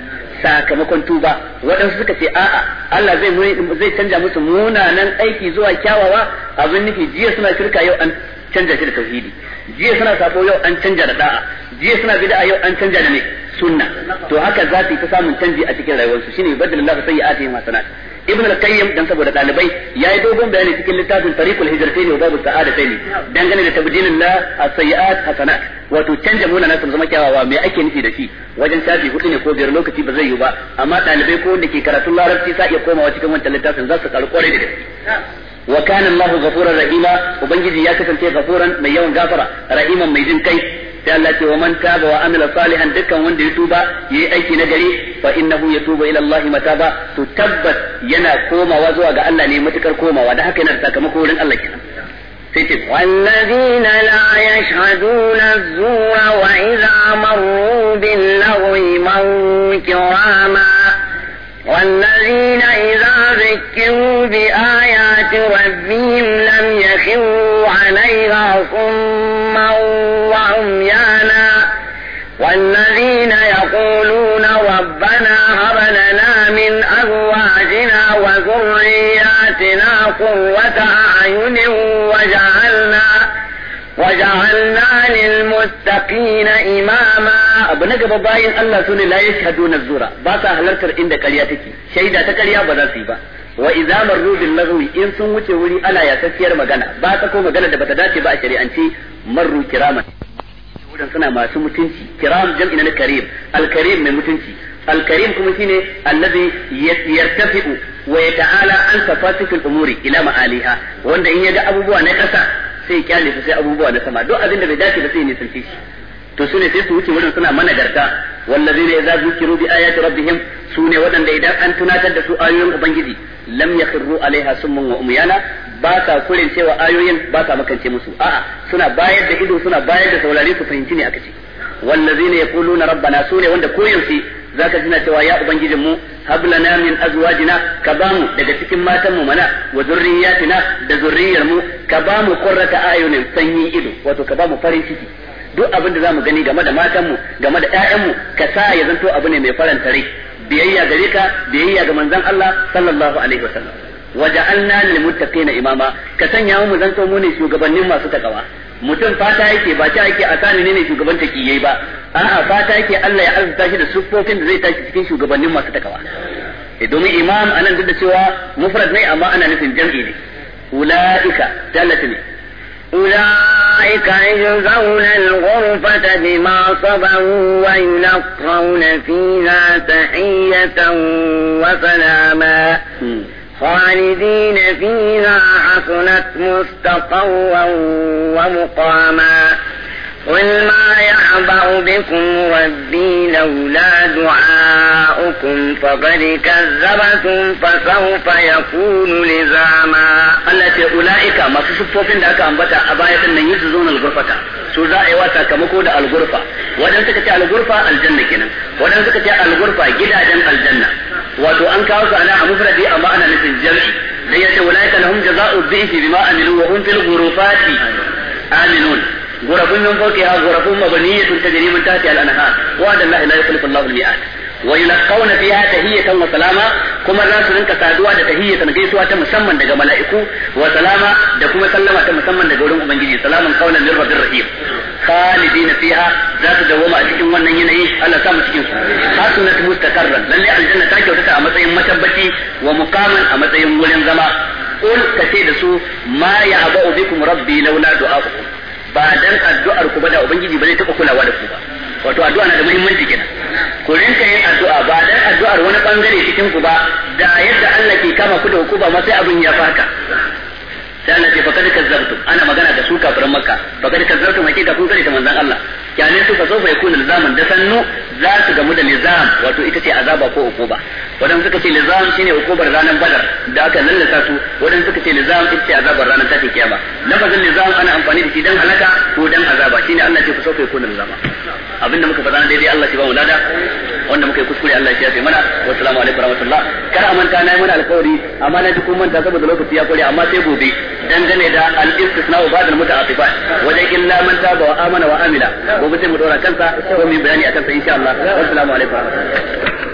sakamakon tuba waɗansu suka ce a'a Allah zai zai canja musu munanan aiki zuwa kyawawa abin nufi jiya suna shirka yau an canja shi da tauhidi jiya suna sako yau an canja da da'a jiya suna bid'a yau an canja da ne sunna to haka za su yi ta samun canji a cikin rayuwarsu shine yubaddilullahu sayyi'atihim hasanat ibn al-qayyim dan saboda dalibai yayi dogon bayani cikin littafin tariqul hijratain wa babu ne dangane da tabdilin la as-sayyi'at hasanat wato canja muna nasu zama kyawawa me ake nufi da shi wajen shafi hudu ne ko biyar lokaci ba zai yi ba amma dalibai ko wanda ke karatun larabci sa iya komawa cikin wancan littafin za su karu kwarai da wa kana Allahu ghafurar rahima ubangiji ya kasance ghafuran mai yawan gafara rahiman mai jin kai sai Allah ce wa man taba wa amila salihan dukkan wanda ya tuba yayi aiki na gari fa innahu yatubu ila Allah mataba to tabbas yana komawa zuwa ga Allah ne matukar komawa da haka yana sakamako wurin Allah kenan sai ce والذين لا يشهدون الزور وإذا مروا باللغو مروا كراما والذين إذا ذكروا بآيات ربهم لم يخروا عليها صما قرة أعين وجعلنا وجعلنا للمتقين إماما أبو نجب باين الله سنة لا يشهدون الزورة باسا هلرتر عند كرياتك شيدا تكريا بدا سيبا وإذا مروا باللغو إن سنوك ولي ألا يتسير مغانا باسا كو مغانا دبتداتي بقى شريعانتي مروا كراما wurin suna masu mutunci kiram jam'i na karim al-karim mai mutunci al-karim kuma shine allazi yartafi'u wa ta'ala an tafasikul umuri ila ma'aliha wanda in yaga abubuwa na kasa sai kyale su sai abubuwa na sama duk abin da bai dace ba sai ne sun shi to sune sai su wuce wurin suna managarta wallazina idza zukiru bi ayati rabbihim sune waɗanda idan an tunatar da su ayoyin ubangiji lam yakhru alaiha summun wa umyana ba ka kurin cewa ayoyin ba ka makance musu a'a suna bayar da ido suna bayar da saurare su fahimci ne aka ce wallazina yaquluna rabbana sune wanda koyaushe zaka jina cewa ya ubangijin mu hablana min azwajina ka bamu daga cikin matan mu mana wa zurriyatina da zurriyar mu ka bamu qurrata ayunin sanyin ido wato ka bamu farin ciki duk abin da zamu gani game da matan mu game da ƴaƴan mu ka sa ya zanto abu ne mai faranta rai biyayya gare ka biyayya ga manzon Allah sallallahu alaihi wasallam waja'alna lil muttaqina imama ka sanya mu zanto mu ne shugabannin masu takawa mutum fata yake ba ta yake a sani ne shugaban takiyai ba a'a fata yake Allah ya arzuta shi da sufofin da zai tashi cikin shugabannin masu takawa domin imam anan duk da cewa mufrad ne amma ana nufin jam'i ne ulaika dalati ne أولئك يجزون الغرفة بما صبروا ويلقون فيها تحية وسلاما خالدين فيها حسنت مستقوا ومقاما قل ما يعبأ بكم ربي لولا دعاؤكم فقد كذبتم فسوف يكون لزاما التي أولئك ما سسفوفين دعك أنبتا أباية أن يجزون الغرفة su za a yi wa sakamako الغرفه algurfa waɗansu suka ce algurfa aljanna kenan waɗansu suka wato an kawo su ana a mufradi amma ana nufin jam'i dan yace walaika lahum jazaa'u dhifi bima amilu wa hum fil ghurufati aminun غرف من فوقها غرف مبنية تجري من تحتها الأنهار وعد الله لا يخلف الله الميعاد wa yulqawna fiha tahiyatan wa salama kuma za su rinka saduwa da tahiyatan gaisuwa ta musamman daga mala'iku wa da kuma sallama ta musamman daga wurin ubangiji salamun qawlan min rabbir rahim khalidin fiha za su dawoma a cikin wannan yanayi Allah ta mu cikin su hasunat mustaqarran lalle aljanna ta kyautata a matsayin matabbaci wa muqaman a matsayin wurin zama qul kace da su ma ya'ba'u mu rabbi laula du'a'ukum ba dan addu'ar ku ba da ubangiji ba zai taba kulawa da ku ba wato addu'a na da muhimmanci kenan ku rinka yin addu'a ba dan addu'ar wani bangare cikin ku ba da yadda Allah ke kama ku da hukuma ma sai abin ya farka sai Allah ce faqad kazzabtum ana magana da su kafirin Makka faqad kazzabtum hakika kun kare ta manzon Allah yani su fa ya yakuna lizaman da sannu za su gamu da lizam wato ita ce azaba ko ukuba wadan suka ce lizam shine ukubar ranar badar da aka lallasa su wadan suka ce lizam ita ce azabar ranar tashin kiyama lafazin lizam ana amfani da shi dan halaka ko dan azaba shine Allah ce fa ya yakuna lizama abinda muka faɗa daidai Allah shi ba mu lada wanda muka yi kuskure Allah shi ya sai mana wa salamu alaikum wa rahmatullah kar a manta nayi mana alƙawari amma na ji kun manta saboda lokaci ya kore amma sai gobe dangane da al-istisna wa ba'd al-muta'atifat wajen illa man taba wa amana wa amila gobe sai mu dora kansa ko mu bayani akan sa insha Allah wa salamu alaikum wa rahmatullah